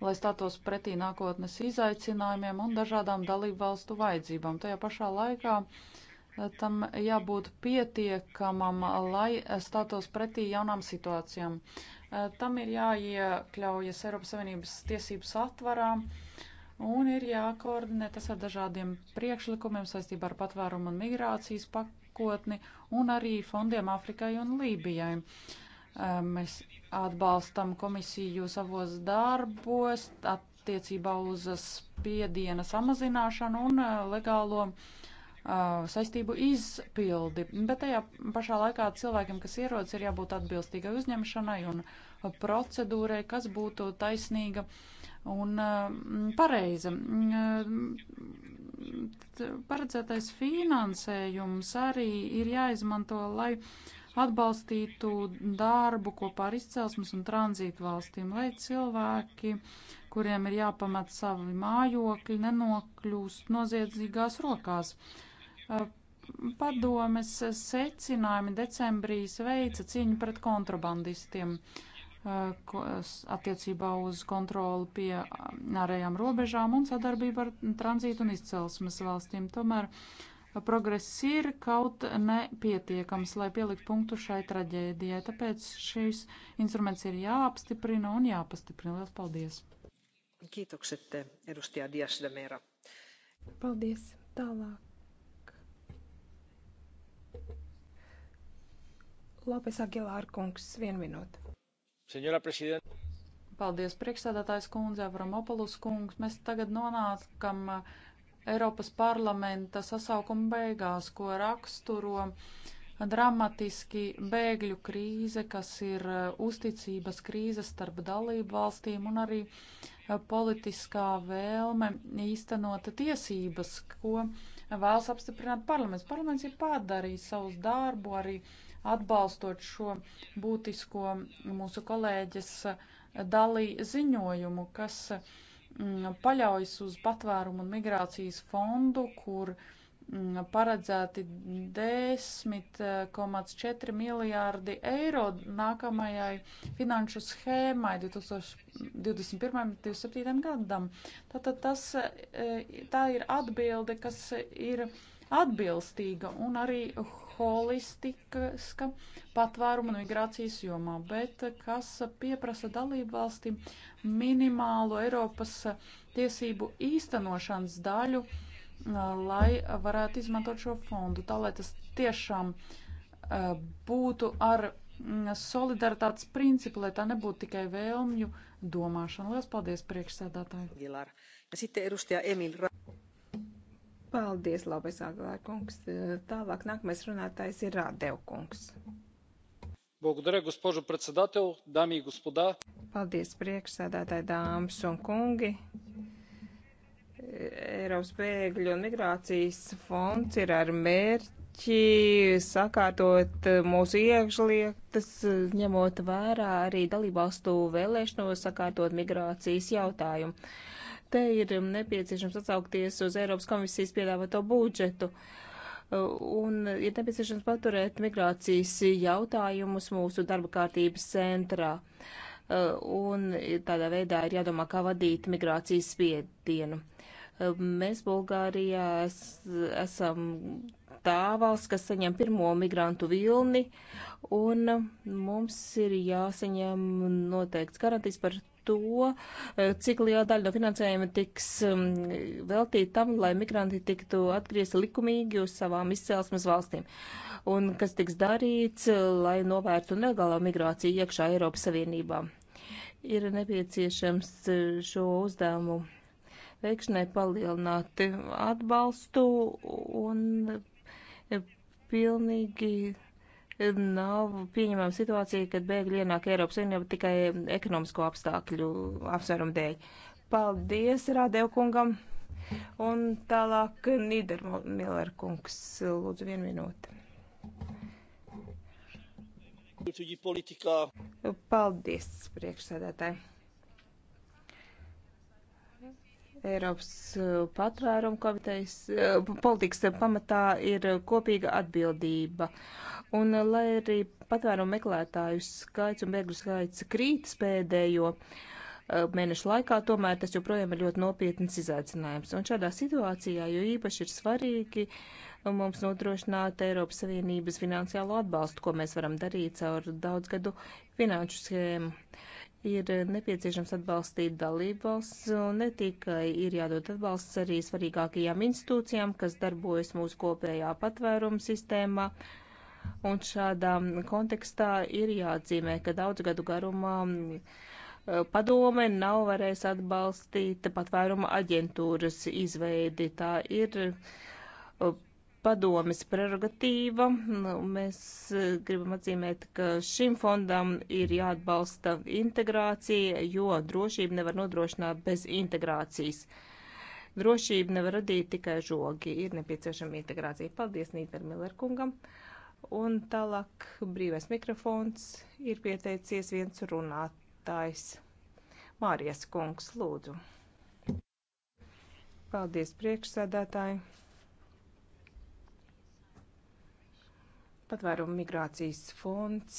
lai stātos pretī nākotnes izaicinājumiem un dažādām dalību valstu vajadzībām. Tajā pašā laikā eh, tam jābūt pietiekamam, lai eh, stātos pretī jaunām situācijām. Eh, tam ir jāiekļaujas Eiropas Savienības tiesības atvarā un ir jākoordinē tas ar dažādiem priekšlikumiem saistībā ar patvērumu un migrācijas pakotni un arī fondiem Āfrikai un Lībijai. Mēs atbalstam komisiju savos darbos attiecībā uz spiediena samazināšanu un eh, legālo eh, saistību izpildi, bet tajā pašā laikā cilvēkiem, kas ierodas, ir jābūt atbilstīgai uzņemšanai un procedūrai, kas būtu taisnīga un eh, pareiza. Mm, paredzētais finansējums arī ir jāizmanto, lai uh, atbalstītu darbu kopā ar izcelsmes un tranzītu valstīm, lai cilvēki, kuriem ir jāpamat savi mājokļi, nenokļūst noziedzīgās rokās. Eh, padomes secinājumi decembrī veica cīņu pret kontrabandistiem eh, attiecībā uz kontroli pie ārējām robežām un sadarbību ar tranzītu un izcelsmes valstīm. Tomēr uh, Progress ir kaut nepietiekams, lai pielikt punktu šai traģēdijai, tāpēc šīs instruments ir jāapstiprina un jāpastiprina. Lielas paldies! Kiitokset, edustaja Diasdemera. Paldies! Tālāk. Lopes Agilāra kungs, vienu minūtu. Senjora prezidenta. Paldies, priekšsēdētājs kundze, Avramopolus kungs. Mēs tagad nonākam uh, Eiropas parlamenta sasaukuma beigās, ko raksturo dramatiski bēgļu krīze, kas ir uh, uzticības krīze starp dalību valstīm un arī uh, politiskā vēlme īstenot tiesības, ko vēlas apstiprināt parlaments. Parlaments ir pārdarījis savus darbu arī atbalstot šo būtisko mūsu kolēģis uh, dalī ziņojumu, kas uh, Mm, paļaujas uz patvērumu un migrācijas fondu, kur mm, paredzēti 10,4 eh, miljārdi eiro nākamajai finanšu schēmai 2021-2027 gadam. Tātad tas, eh, tā ir atbilde, kas ir atbilstīga un arī holistiska patvēruma un migrācijas jomā, bet kas pieprasa dalību valstīm minimālu Eiropas tiesību īstenošanas daļu, lai varētu izmantot šo fondu, tā lai tas tiešām būtu ar mm, solidaritātes principu, lai tā nebūtu tikai vēlmju domāšana. Lielas paldies priekšsēdātāji! Paldies, Lopes Aglārkungs. Tālāk nākamais runātājs ir Rādevkungs. Благодаря, госпожо председател, дами и господа. Paldies, priekšsēdētāji, dāmas un kungi. Eiropas bēgļu un migrācijas fonds ir ar mērķi sakārtot mūsu iekšlietas, ņemot vērā arī dalībvalstu vēlēšanos sakārtot migrācijas jautājumu te ir nepieciešams atsaukties uz Eiropas komisijas piedāvāto budžetu. Un ir nepieciešams paturēt migrācijas jautājumus mūsu darba kārtības centrā. Un tādā veidā ir jādomā, kā vadīt migrācijas spiedienu. Mēs Bulgārijā es, esam tā valsts, kas saņem pirmo migrantu vilni, un mums ir jāsaņem noteikts garantijas par to, eh, cik liela daļa no finansējuma tiks mm, veltīta tam, lai migranti tiktu atgriezti likumīgi uz savām izcelsmes valstīm. Un kas tiks darīts, eh, lai novērtu nelegālā migrācija iekšā Eiropas Savienībā. Ir nepieciešams eh, šo uzdevumu veikšanai palielināt atbalstu un pilnīgi Nav pieņemama situācija, kad bēgļi ienāk Eiropas Savienībā tikai ekonomisko apstākļu apsvērumu dēļ. Paldies Rādēv kungam! Un tālāk Nīdermiller kungs, lūdzu, vienu minūti. Paldies, priekšsēdētāji! Eiropas uh, patvērumu komitejas uh, politikas pamatā ir uh, kopīga atbildība. Un, lai arī patvērumu meklētāju skaits un bēgļu skaits krītas pēdējo mēnešu laikā, tomēr tas joprojām ir ļoti nopietns izaicinājums. Un šādā situācijā jo īpaši ir svarīgi mums nodrošināt Eiropas Savienības finansiālo atbalstu, ko mēs varam darīt caur daudzgadu finanšu schēmu. Uh, ir nepieciešams atbalstīt dalībvalsts, un ne tikai ir jādod atbalsts arī svarīgākajām institūcijām, kas darbojas mūsu kopējā patvēruma sistēmā. Un šādā kontekstā ir jāatzīmē, ka daudz gadu garumā padome nav varēs atbalstīt patvēruma aģentūras izveidi. Tā ir padomes prerogatīva. Mēs eh, gribam atzīmēt, ka šim fondam ir jāatbalsta integrācija, jo drošību nevar nodrošināt bez integrācijas. Drošību nevar radīt tikai žogi, ir nepieciešama integrācija. Paldies Nīder Miller kungam. Un tālāk brīvais mikrofons ir pieteicies viens runātājs. Mārijas kungs, lūdzu. Paldies priekšsēdētāji. patvērumu migrācijas fonds,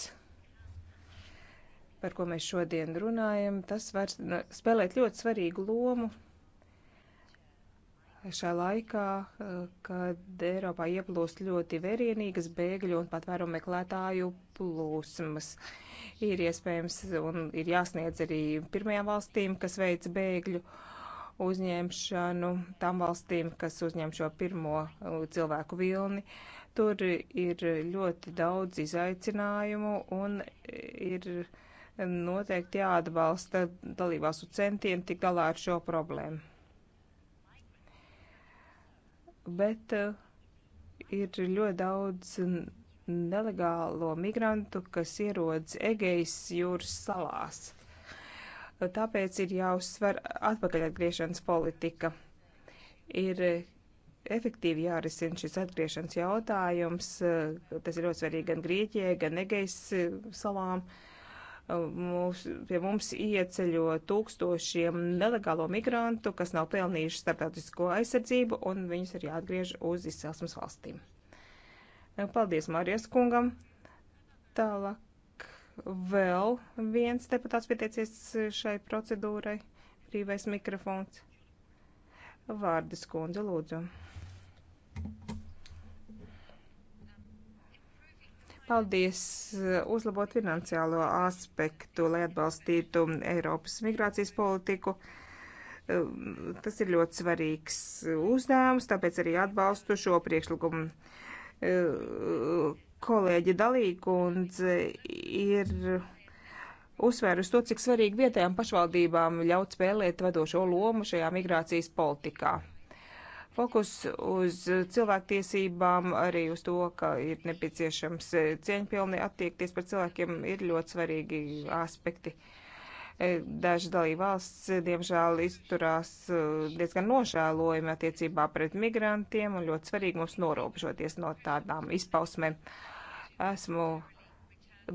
par ko mēs šodien runājam, tas var spēlēt ļoti svarīgu lomu šajā laikā, kad Eiropā ieplūst ļoti vērienīgas bēgļu un patvērumu meklētāju plūsmas. Ir iespējams un ir jāsniedz arī pirmajām valstīm, kas veic bēgļu uh, uzņemšanu tām valstīm, kas uzņem šo pirmo uh, cilvēku vilni. Tur ir ļoti daudz izaicinājumu un ir noteikti jāatbalsta dalībvalstu centieni tik galā ar šo problēmu. Bet uh, ir ļoti daudz nelegālo migrantu, kas ierodas Egejas jūras salās Tāpēc ir jāuzsver atpakaļatgriešanas politika. Ir efektīvi jārisina šis atgriešanas jautājums. Tas ir ļoti svarīgi gan Grieķijai, gan Egejas salām. Mūs, pie mums ieceļo tūkstošiem nelegālo migrantu, kas nav pelnījuši starptautisko aizsardzību, un viņus ir jāatgriež uz izcelsmes valstīm. Paldies Marijas kungam! Tālāk vēl viens deputāts pieteicies šai procedūrai. Brīvais mikrofons. Vārdas kundze, lūdzu. Paldies! Uzlabot finansiālo aspektu, lai atbalstītu Eiropas migrācijas politiku. Tas ir ļoti svarīgs uzdevums, tāpēc arī atbalstu šo priekšlikumu kolēģi Dalīkundze ir uzsvērusi to, cik svarīgi vietējām pašvaldībām ļaut spēlēt vadošo lomu šajā migrācijas politikā. Fokus uz cilvēktiesībām, arī uz to, ka ir nepieciešams cieņpilni attiekties par cilvēkiem, ir ļoti svarīgi aspekti. Daži dalībvalsts, diemžēl, izturās uh, diezgan nožēlojami attiecībā pret migrantiem, un ļoti svarīgi mums norobežoties no tādām izpausmēm. Uh, Esmu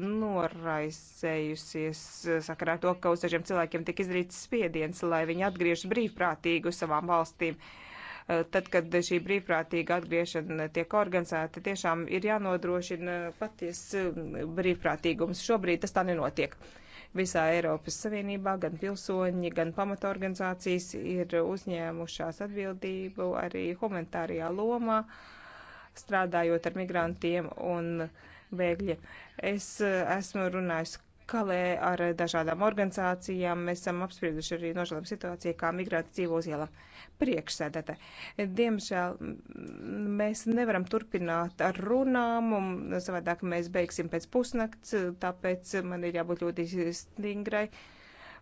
noraizējusies sakarā ar to, ka uz dažiem cilvēkiem tika izdarīts spiediens, lai viņi atgriežas brīvprātīgi uz savām valstīm. Eh, tad, kad šī brīvprātīga atgriešana tiek organizēta, tiešām ir jānodrošina paties eh, brīvprātīgums. Šobrīd tas tā nenotiek. Visā Eiropas Savienībā gan pilsoņi, gan pamatorganizācijas ir uzņēmušās atbildību arī humanitārajā lomā, strādājot ar migrantiem un uh, bēgļi. Es eh, esmu runājis Kalē ar dažādām organizācijām. Mēs esam apsprieduši arī nožēlojumu situāciju, kā migrāti dzīvo uz ielām priekšsēdētē. Diemžēl mm, mēs nevaram turpināt ar runām, un savādāk mēs beigsim pēc pusnakts, tāpēc man ir jābūt ļoti stingrai,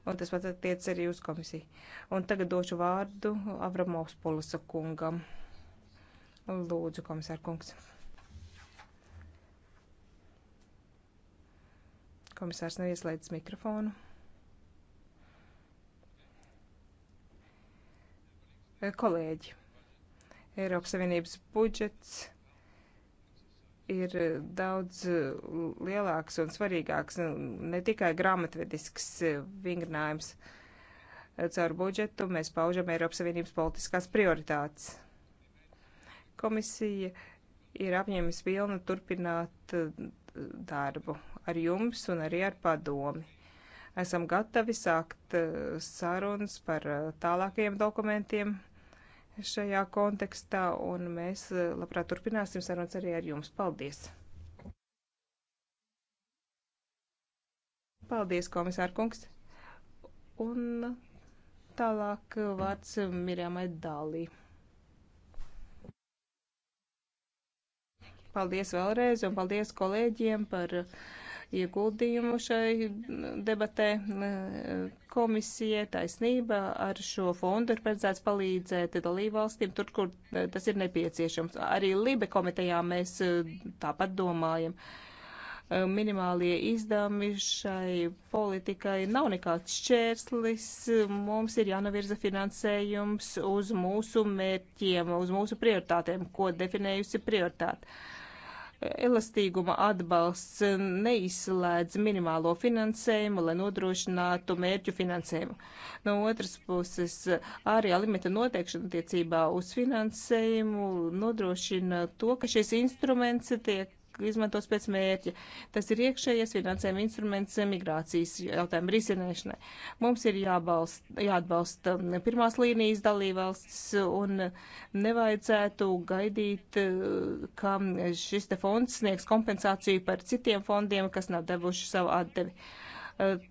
un tas pat attiec arī uz komisiju. Un tagad došu vārdu Avramovspulsa kungam. Lūdzu, komisār kungs. Komisārs nav ieslēdzis mikrofonu. Eh, kolēģi, Eiropas Savienības budžets ir eh, daudz eh, lielāks un svarīgāks, ne tikai grāmatvedisks vingrinājums. Caur budžetu mēs paužam Eiropas Savienības politiskās prioritātes. Komisija ir apņēmis pilnu turpināt darbu ar jums un arī ar padomi. Esam gatavi sākt eh, sarunas par eh, tālākajiem dokumentiem šajā kontekstā, un mēs eh, labprāt turpināsim sarunas arī ar jums. Paldies! Paldies, komisārkungs! Un tālāk vārds Mirjamai Dālī. Paldies vēlreiz un paldies kolēģiem par ieguldījumu šai debatē. Komisija taisnība ar šo fondu ir paredzēts palīdzēt dalībvalstīm tur, kur tas ir nepieciešams. Arī Libe komitejā mēs e, tāpat domājam. E, minimālie izdevumi šai politikai nav nekāds šķērslis. Mums ir jānovirza finansējums uz mūsu mērķiem, uz mūsu prioritātēm, ko definējusi prioritāte Elastīguma atbalsts neizslēdz minimālo finansējumu, lai nodrošinātu mērķu finansējumu. No otras puses, ārējā limita noteikšana attiecībā uz finansējumu nodrošina to, ka šis instruments tiek tiek izmantots pēc mērķa. Tas ir iekšējais finansējuma instruments migrācijas jautājumu risināšanai. Mums ir jābalst, jāatbalsta pirmās līnijas dalībvalsts un nevajadzētu gaidīt, ka šis te fonds sniegs kompensāciju par citiem fondiem, kas nav devuši savu atdevi.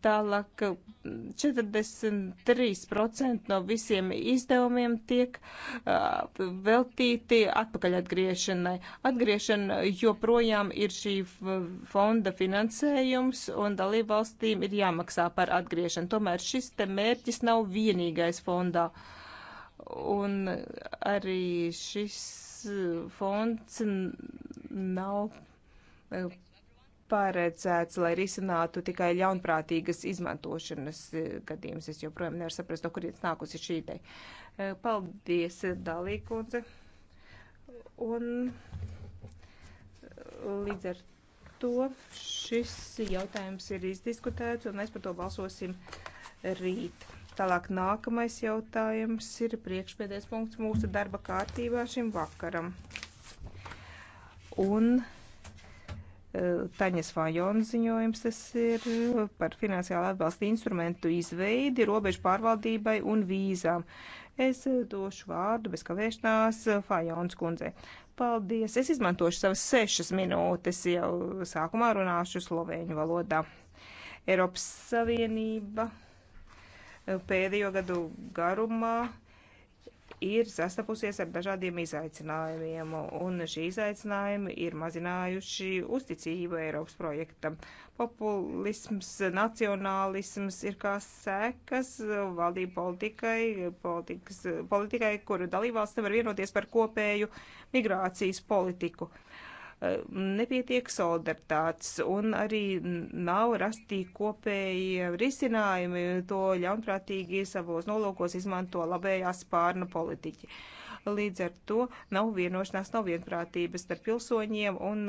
Tālāk 43% no visiem izdevumiem tiek veltīti atpakaļ atgriešanai. Atgriešana joprojām ir šī fonda finansējums un dalību valstīm ir jāmaksā par atgriešanu. Tomēr šis te mērķis nav vienīgais fondā. Un arī šis fonds nav paredzēts, lai risinātu tikai ļaunprātīgas izmantošanas e, gadījumus. Es joprojām nevaru saprast, no kurienes nākusi šī te. Paldies, Dalīkundze. Un e, līdz ar to šis jautājums ir izdiskutēts, un mēs par to balsosim rīt. Tālāk nākamais jautājums ir priekšpēdējais punkts mūsu darba kārtībā šim vakaram. Un Taņas Fajona ziņojums tas ir par finansiālu atbalstu instrumentu izveidi, robežu pārvaldībai un vīzām. Es došu vārdu bez kavēšanās Fajons kundzei. Paldies! Es izmantošu savas sešas minūtes jau sākumā runāšu slovēņu valodā. Eiropas Savienība pēdējo gadu garumā ir sastapusies ar dažādiem izaicinājumiem, un šie izaicinājumi ir mazinājuši uzticību Eiropas projektam. Populisms, nacionālisms ir kā sekas valdību politikai, politikas, politikai kuru dalībvalsts nevar vienoties par kopēju migrācijas politiku. Uh, nepietiek solidaritātes un arī nav rastī kopēji risinājumi, to ļaunprātīgi savos nolūkos izmanto labējā spārna politiķi. Līdz ar to nav vienošanās, nav vienprātības starp pilsoņiem un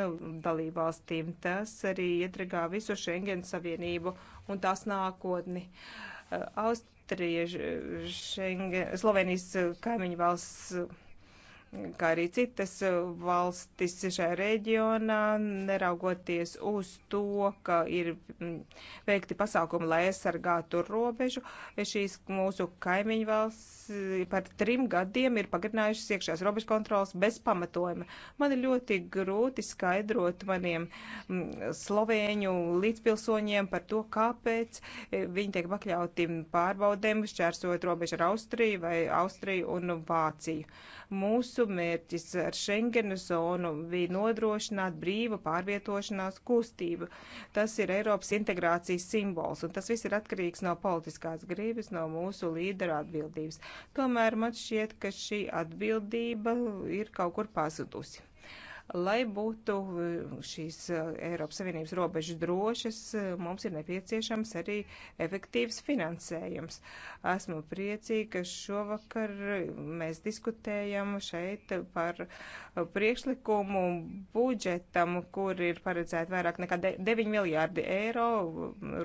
dalībvalstīm. Tas arī ietrigā visu Schengen savienību un tās nākotni. Austrija, Schengen, Slovenijas kaimiņu valsts kā arī citas eh, valstis šajā reģionā, neraugoties uz to, ka ir mm, veikti pasākumi, lai aizsargātu robežu, šīs mūsu kaimiņu valsts par trim gadiem ir pagarinājušas iekšējās robežu kontrolas bez pamatojuma. Man ir ļoti grūti skaidrot maniem mm, slovēņu līdzpilsoņiem par to, kāpēc eh, viņi tiek pakļauti pārbaudēm, šķērsot robežu ar Austriju vai Austriju un Vāciju. Mūsu mūsu mērķis ar Schengenu zonu bija nodrošināt brīvu pārvietošanās kustību. Tas ir Eiropas integrācijas simbols, un tas viss ir atkarīgs no politiskās grības, no mūsu līdera atbildības. Tomēr man šķiet, ka šī atbildība ir kaut kur pazudusi. Lai būtu eh, šīs eh, Eiropas Savienības robežas drošas, eh, mums ir nepieciešams arī efektīvs finansējums. Esmu priecīga, ka šovakar mēs diskutējam šeit par priekšlikumu budžetam, kur ir paredzēta vairāk nekā 9 miljārdi eiro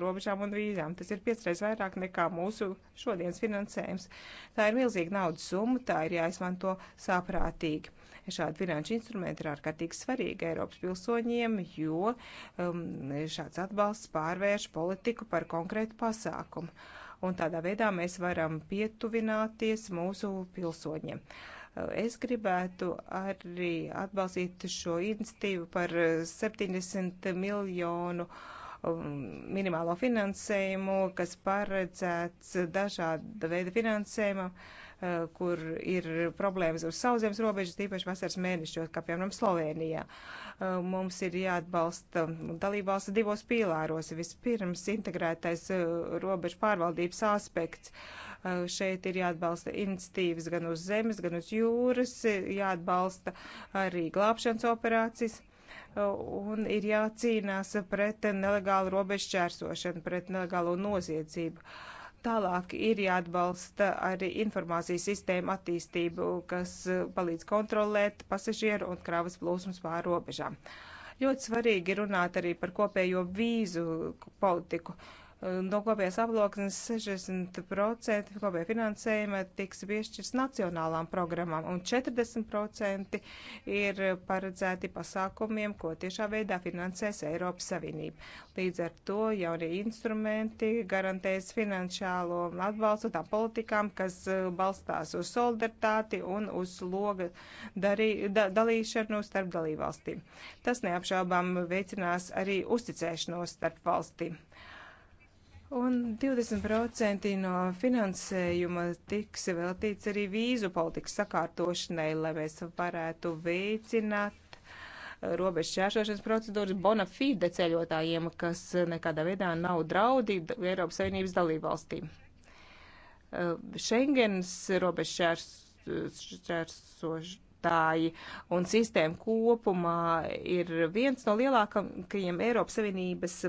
robežām un vīzām. Tas ir piecreiz vairāk nekā mūsu šodienas finansējums. Tā ir milzīga naudas summa, tā ir jāizmanto saprātīgi. Šādi finanšu instrumenti ir ārkārtīgi svarīgi Eiropas pilsoņiem, jo um, šāds atbalsts pārvērš politiku par konkrētu pasākumu. Un tādā veidā mēs varam pietuvināties mūsu pilsoņiem. Es gribētu arī atbalstīt šo iniciatīvu par 70 miljonu um, minimālo finansējumu, kas paredzēts dažāda veida finansējumam Eh, kur ir problēmas uz sauszemes robežas, tīpaši vasaras mēnešos, kā piemēram Slovenijā. Eh, mums ir jāatbalsta dalībvalsts divos pīlāros. Vispirms integrētais eh, robežu pārvaldības aspekts. Šeit ir jāatbalsta iniciatīvas gan uz zemes, gan uz jūras, jāatbalsta arī glābšanas operācijas un ir jācīnās pret nelegālu robežu čērsošanu, pret nelegālo noziedzību. Uh, Tālāk ir jāatbalsta arī informācijas sistēma attīstību, kas palīdz kontrolēt pasažieru un kravas plūsmas pār robežām. Ļoti svarīgi runāt arī par kopējo vīzu politiku no kopējās aploksnes 60% kopējā finansējuma tiks piešķirs nacionālām programmām un 40% ir paredzēti pasākumiem, ko tiešā veidā finansēs Eiropas Savienība. Līdz ar to jaunie instrumenti garantēs finansiālo atbalstu tām politikām, kas uh, balstās uz solidaritāti un uz sloga darī, da, dalīšanu starp dalībvalstīm. Tas neapšaubām veicinās arī uzticēšanos starp valstīm. Un 20% no finansējuma tiks veltīts arī vīzu politikas sakārtošanai, lai mēs varētu veicināt eh, robežu šķēršošanas procedūras bona fide ceļotājiem, kas nekādā veidā nav draudi Eiropas Savienības dalībvalstīm. Eh, Schengens robežu šķērsošanas lietotāji un sistēma kopumā ir viens no lielākajiem Eiropas Savienības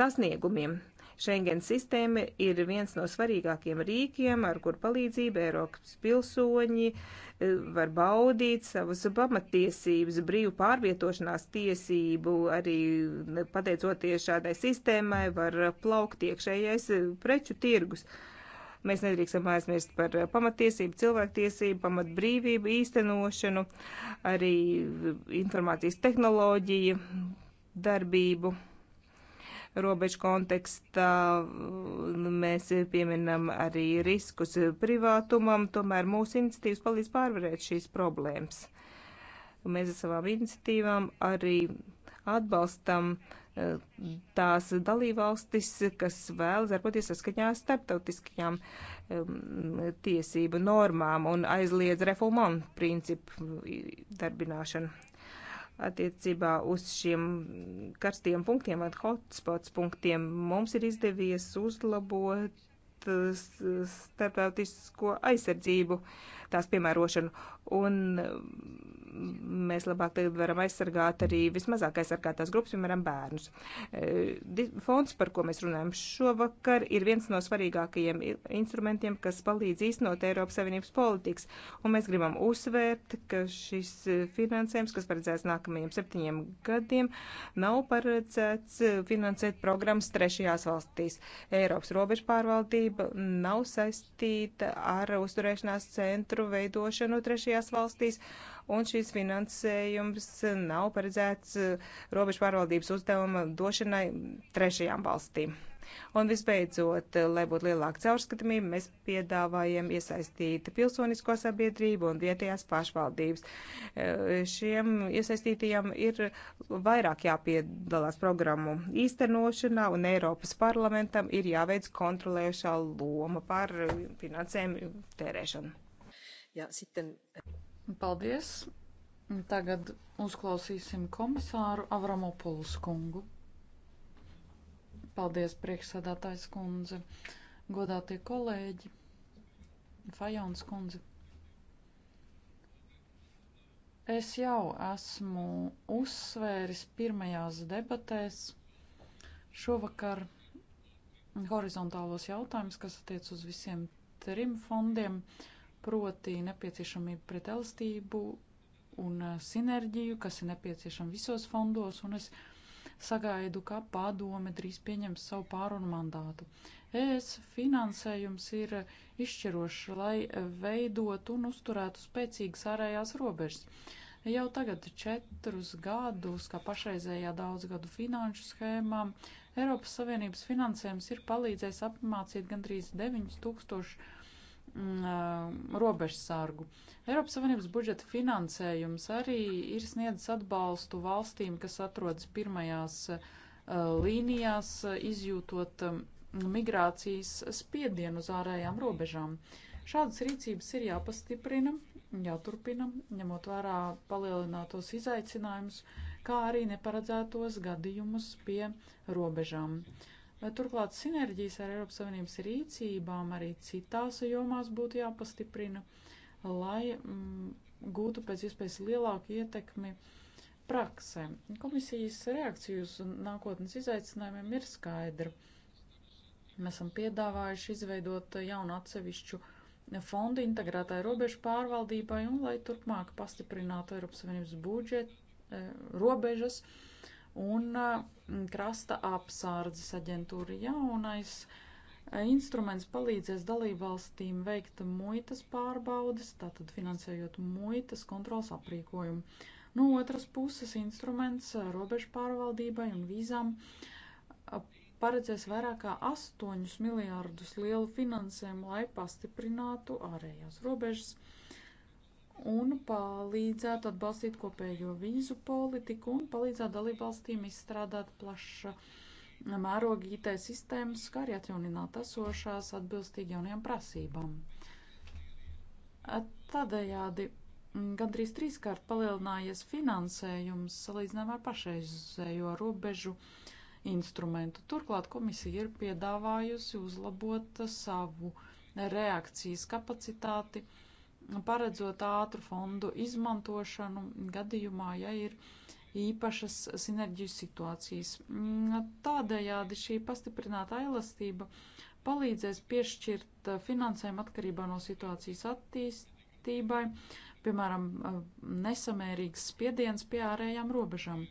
sasniegumiem. Schengen sistēma ir viens no svarīgākiem rīkiem, ar kur palīdzību Eiropas pilsoņi eh, var baudīt savas pamatiesības, brīvu pārvietošanās tiesību, arī pateicoties šādai sistēmai var plaukt iekšējais eh, preču tirgus. Mēs nedrīkstam aizmirst par pamatiesību, cilvēktiesību, pamatbrīvību īstenošanu, arī informācijas tehnoloģiju darbību robežu kontekstā mēs pieminam arī riskus privātumam, tomēr mūsu iniciatīvas palīdz pārvarēt šīs problēmas. Mēs ar savām iniciatīvām arī atbalstam e, tās dalībvalstis, kas vēlas darboties saskaņā starptautiskajām tiesību normām un aizliedz reformām principu darbināšanu attiecībā uz šiem karstiem punktiem, hotspots punktiem, mums ir izdevies uzlabot starptautisko aizsardzību, tās piemērošanu. Un mēs labāk tagad varam aizsargāt arī vismazāk aizsargātās grupas, piemēram, bērnus. E, fonds, par ko mēs runājam šovakar, ir viens no svarīgākajiem instrumentiem, kas palīdz īstenot Eiropas Savienības politikas, un mēs gribam uzsvērt, ka šis e, finansējums, kas paredzēts nākamajiem septiņiem gadiem, nav paredzēts e, finansēt programmas trešajās valstīs. Eiropas robežu pārvaldība nav saistīta ar uzturēšanās centru veidošanu trešajās valstīs. Uh, un šīs finansējums nav paredzēts eh, robežu pārvaldības uzdevuma došanai trešajām valstīm. Un visbeidzot, eh, lai būtu lielāka caurskatāmība, mēs piedāvājam iesaistīt pilsonisko sabiedrību un vietējās pašvaldības. Eh, šiem iesaistītajiem ir vairāk jāpiedalās programmu īstenošanā, un Eiropas parlamentam ir jāveic kontrolējušā loma par finansējumu tērēšanu. Jā, sitten... Paldies! Tagad uzklausīsim komisāru Avramopulus kungu. Paldies, priekšsādātājs kundze, godātie kolēģi, Fajons kundze. Es jau esmu uzsvēris pirmajās debatēs šovakar horizontālos jautājumus, kas attiec uz visiem trim fondiem. Uh, proti nepieciešamība pret elastību un eh, sinerģiju, kas ir nepieciešama visos fondos, un es sagaidu, ka padome drīz pieņems savu pārunu mandātu. ES finansējums ir izšķirošs, lai veidotu un uzturētu spēcīgas ārējās robežas. Jau tagad četrus gadus, kā pašreizējā daudzgadu finanšu schēmām, Eiropas Savienības finansējums ir palīdzējis apmācīt gandrīz 9000 Mm, robežsargu. Eiropas Savienības budžeta finansējums arī ir sniedzis atbalstu valstīm, kas atrodas pirmajās līnijās, izjūtot migrācijas spiedienu uz ārējām robežām. Šādas rīcības ir jāpastiprina, jāturpina, ņemot vērā palielinātos izaicinājumus, kā arī neparedzētos gadījumus pie robežām. Uh, Turklāt sinerģijas ar Eiropas Savienības rīcībām arī citās jomās būtu jāpastiprina, lai mm, gūtu pēc iespējas lielāku ietekmi praksē. Komisijas reakcija uz nākotnes izaicinājumiem ir skaidra. Mēs esam piedāvājuši izveidot jaunu atsevišķu fondu integrētāju robežu pārvaldībai un lai turpmāk pastiprinātu Eiropas Savienības budžetu e, eh, robežas. E, un mm, krasta apsardzes aģentūra jaunais eh, instruments palīdzēs dalībvalstīm veikt muitas pārbaudes, tātad finansējot muitas kontrols aprīkojumu. No otras puses, instruments eh, robežu pārvaldībai un vīzām eh, paredzēs vairāk kā 8 miljārdus lielu finansējumu, lai pastiprinātu ārējās robežas un palīdzētu atbalstīt kopējo vīzu politiku un palīdzētu dalībvalstīm izstrādāt plaša mēroga IT sistēmas, kā arī atjaunināt esošās atbilstīgi jaunajām prasībām. Tādējādi mm, gandrīz trīskārt palielinājies finansējums salīdzinājumā ar pašreizējo robežu instrumentu. Turklāt komisija ir piedāvājusi uzlabot savu reakcijas kapacitāti uh, paredzot ātru fondu izmantošanu gadījumā, ja ir īpašas sinerģiju situācijas. Mm, tādējādi šī pastiprinātā elastība palīdzēs piešķirt eh, finansējumu atkarībā no situācijas attīstībai, piemēram, eh, nesamērīgs spiediens pie ārējām robežām.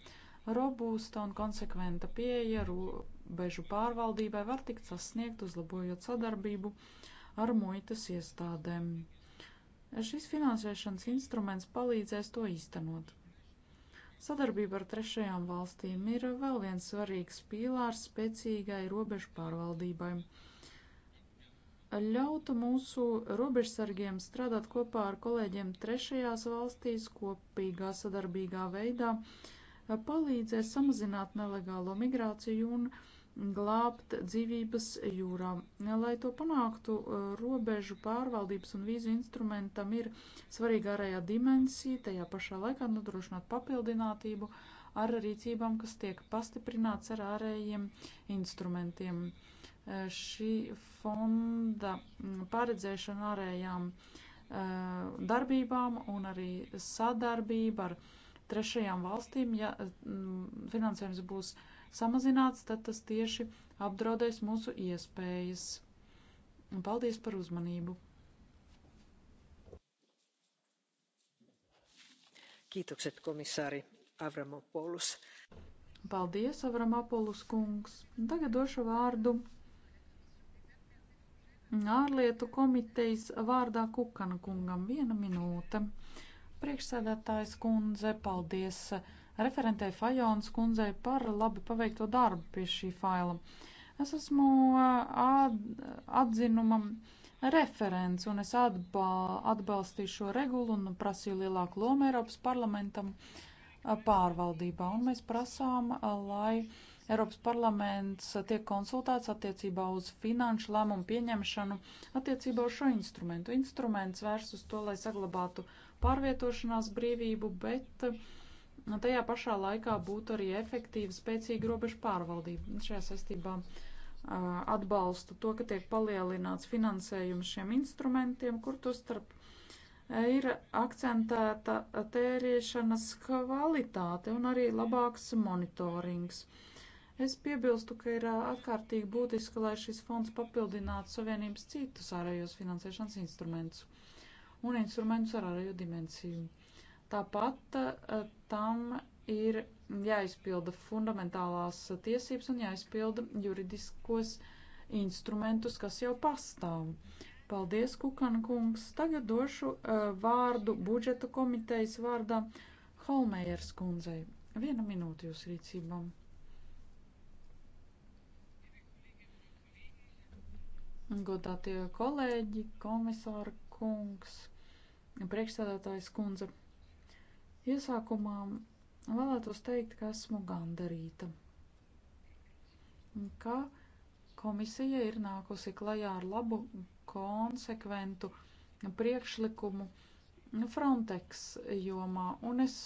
Robusta un konsekventa pieeja robežu pārvaldībai var tikt sasniegt, uzlabojot sadarbību ar muitas iestādēm Šis finansēšanas instruments palīdzēs to īstenot. Sadarbība ar trešajām valstīm ir vēl viens svarīgs pīlārs spēcīgai robežu pārvaldībai. Ļautu mūsu robežsargiem strādāt kopā ar kolēģiem trešajās valstīs kopīgā sadarbīgā veidā, palīdzēs samazināt nelegālo migrāciju un uh, glābt dzīvības jūrā. Lai to panāktu, eh, robežu pārvaldības un vīzu instrumentam ir svarīga ārējā dimensija, tajā pašā laikā nodrošināt papildinātību ar rīcībām, kas tiek pastiprināts ar ārējiem instrumentiem. Eh, šī fonda mm, paredzēšana ārējām eh, darbībām un arī sadarbība ar trešajām valstīm, ja mm, finansējums būs uh, samazināts, tad tas tieši apdraudēs mūsu iespējas. Paldies par uzmanību! Kiitokset komisāri Avramopoulos. Paldies, Avramopoulos kungs. Tagad došu vārdu ārlietu komitejas vārdā Kukana kungam. Viena minūte. Priekšsēdētājs kundze, paldies referentē Fajons kundzei par labi paveikto darbu pie šī faila. Es esmu atzinumam referents, un es atbalstīju šo regulu un prasīju lielāku lomu Eiropas parlamentam pārvaldībā. Un mēs prasām, lai Eiropas parlaments tiek konsultēts attiecībā uz finanšu lēmumu pieņemšanu attiecībā uz šo instrumentu. Instruments vērs uz to, lai saglabātu pārvietošanās brīvību, bet uh, Nu, tajā pašā laikā būtu arī efektīva, spēcīga robežu pārvaldība. Šajā saistībā uh, atbalstu to, ka tiek palielināts finansējums šiem instrumentiem, kur to starp ir akcentēta tēriešanas kvalitāte un arī labāks monitorings. Es piebilstu, ka ir atkārtīgi būtiski, lai šis fonds papildinātu Savienības citus ārējos finansēšanas instrumentus un instrumentus ar ārējo dimensiju. Tāpat eh, tam ir jāizpilda fundamentālās tiesības un jāizpilda juridiskos instrumentus, kas jau pastāv. Paldies, Kukana kungs. Tagad došu uh, vārdu budžeta komitejas vārdā Holmējers kundzei. Viena minūte jūs rīcībām. Godātie kolēģi, komisāra kungs, priekšsēdētājs kundze. Iesākumā vēlētos teikt, ka esmu gandarīta, ka komisija ir nākusi klajā ar labu, konsekventu priekšlikumu Frontex jomā. Un es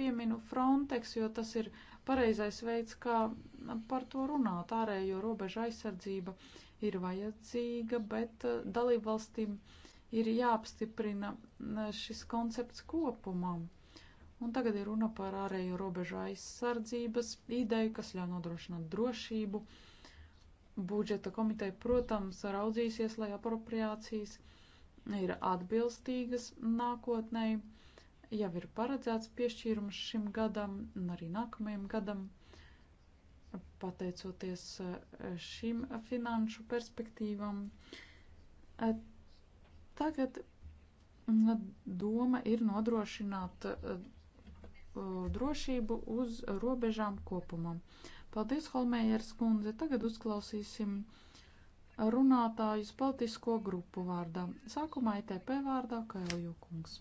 pieminu Frontex, jo tas ir pareizais veids, kā par to runāt. Ārējo robežu aizsardzība ir vajadzīga, bet eh, dalībvalstīm ir jāapstiprina eh, šis koncepts kopumam. Un tagad ir runa par ārējo robežu aizsardzības ideju, kas ļauj nodrošināt drošību. Budžeta komiteja, protams, raudzīsies, lai apropriācijas ir atbilstīgas nākotnēji. Jau ir paredzēts piešķīrums šim gadam un arī nākamajam gadam. Pateicoties e, šīm finanšu perspektīvām, e, tagad doma ir nodrošināt e, drošību uz robežām kopumam. Paldies, Holmējers kundze. Tagad uzklausīsim runātājus politisko grupu vārdā. Sākumā ITP e vārdā Kailju kungs.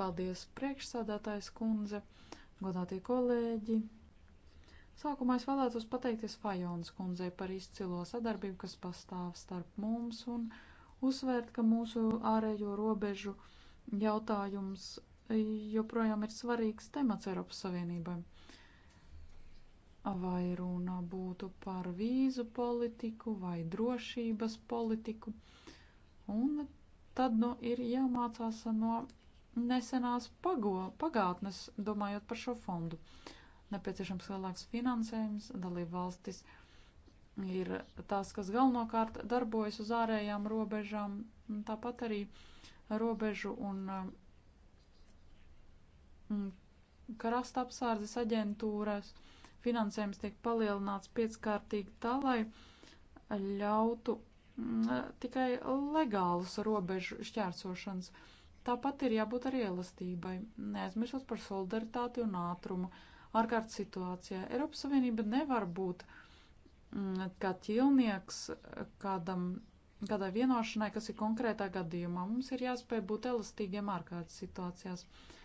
Paldies, priekšsādātājs kundze, godātie kolēģi. Sākumā es vēlētos pateikties Fajonas kundzei par izcilo sadarbību, kas pastāv starp mums un mums uzsvērt, ka mūsu ārējo robežu jautājums joprojām ir svarīgs temats Eiropas Savienībai. Vai runa būtu par vīzu politiku vai drošības politiku. Un tad nu ir jāmācās no nesenās pago, pagātnes, domājot par šo fondu. Nepieciešams lielāks finansējums, dalību valstis. Uh, ir tās, kas galvenokārt darbojas uz ārējām robežām, tāpat arī robežu un um, mm, krasta apsārdzes aģentūras finansējums tiek palielināts pieckārtīgi tā, lai ļautu mm, tikai legālus robežu šķērsošanas. Tāpat ir jābūt arī elastībai, neaizmirstot par solidaritāti un ātrumu ārkārtas situācijā. Eiropas Savienība nevar būt uh, Mm, kā ķilnieks eh, kādam, kādai vienošanai, kas ir konkrētā gadījumā. Mums ir jāspēj būt elastīgiem ārkārtas situācijās.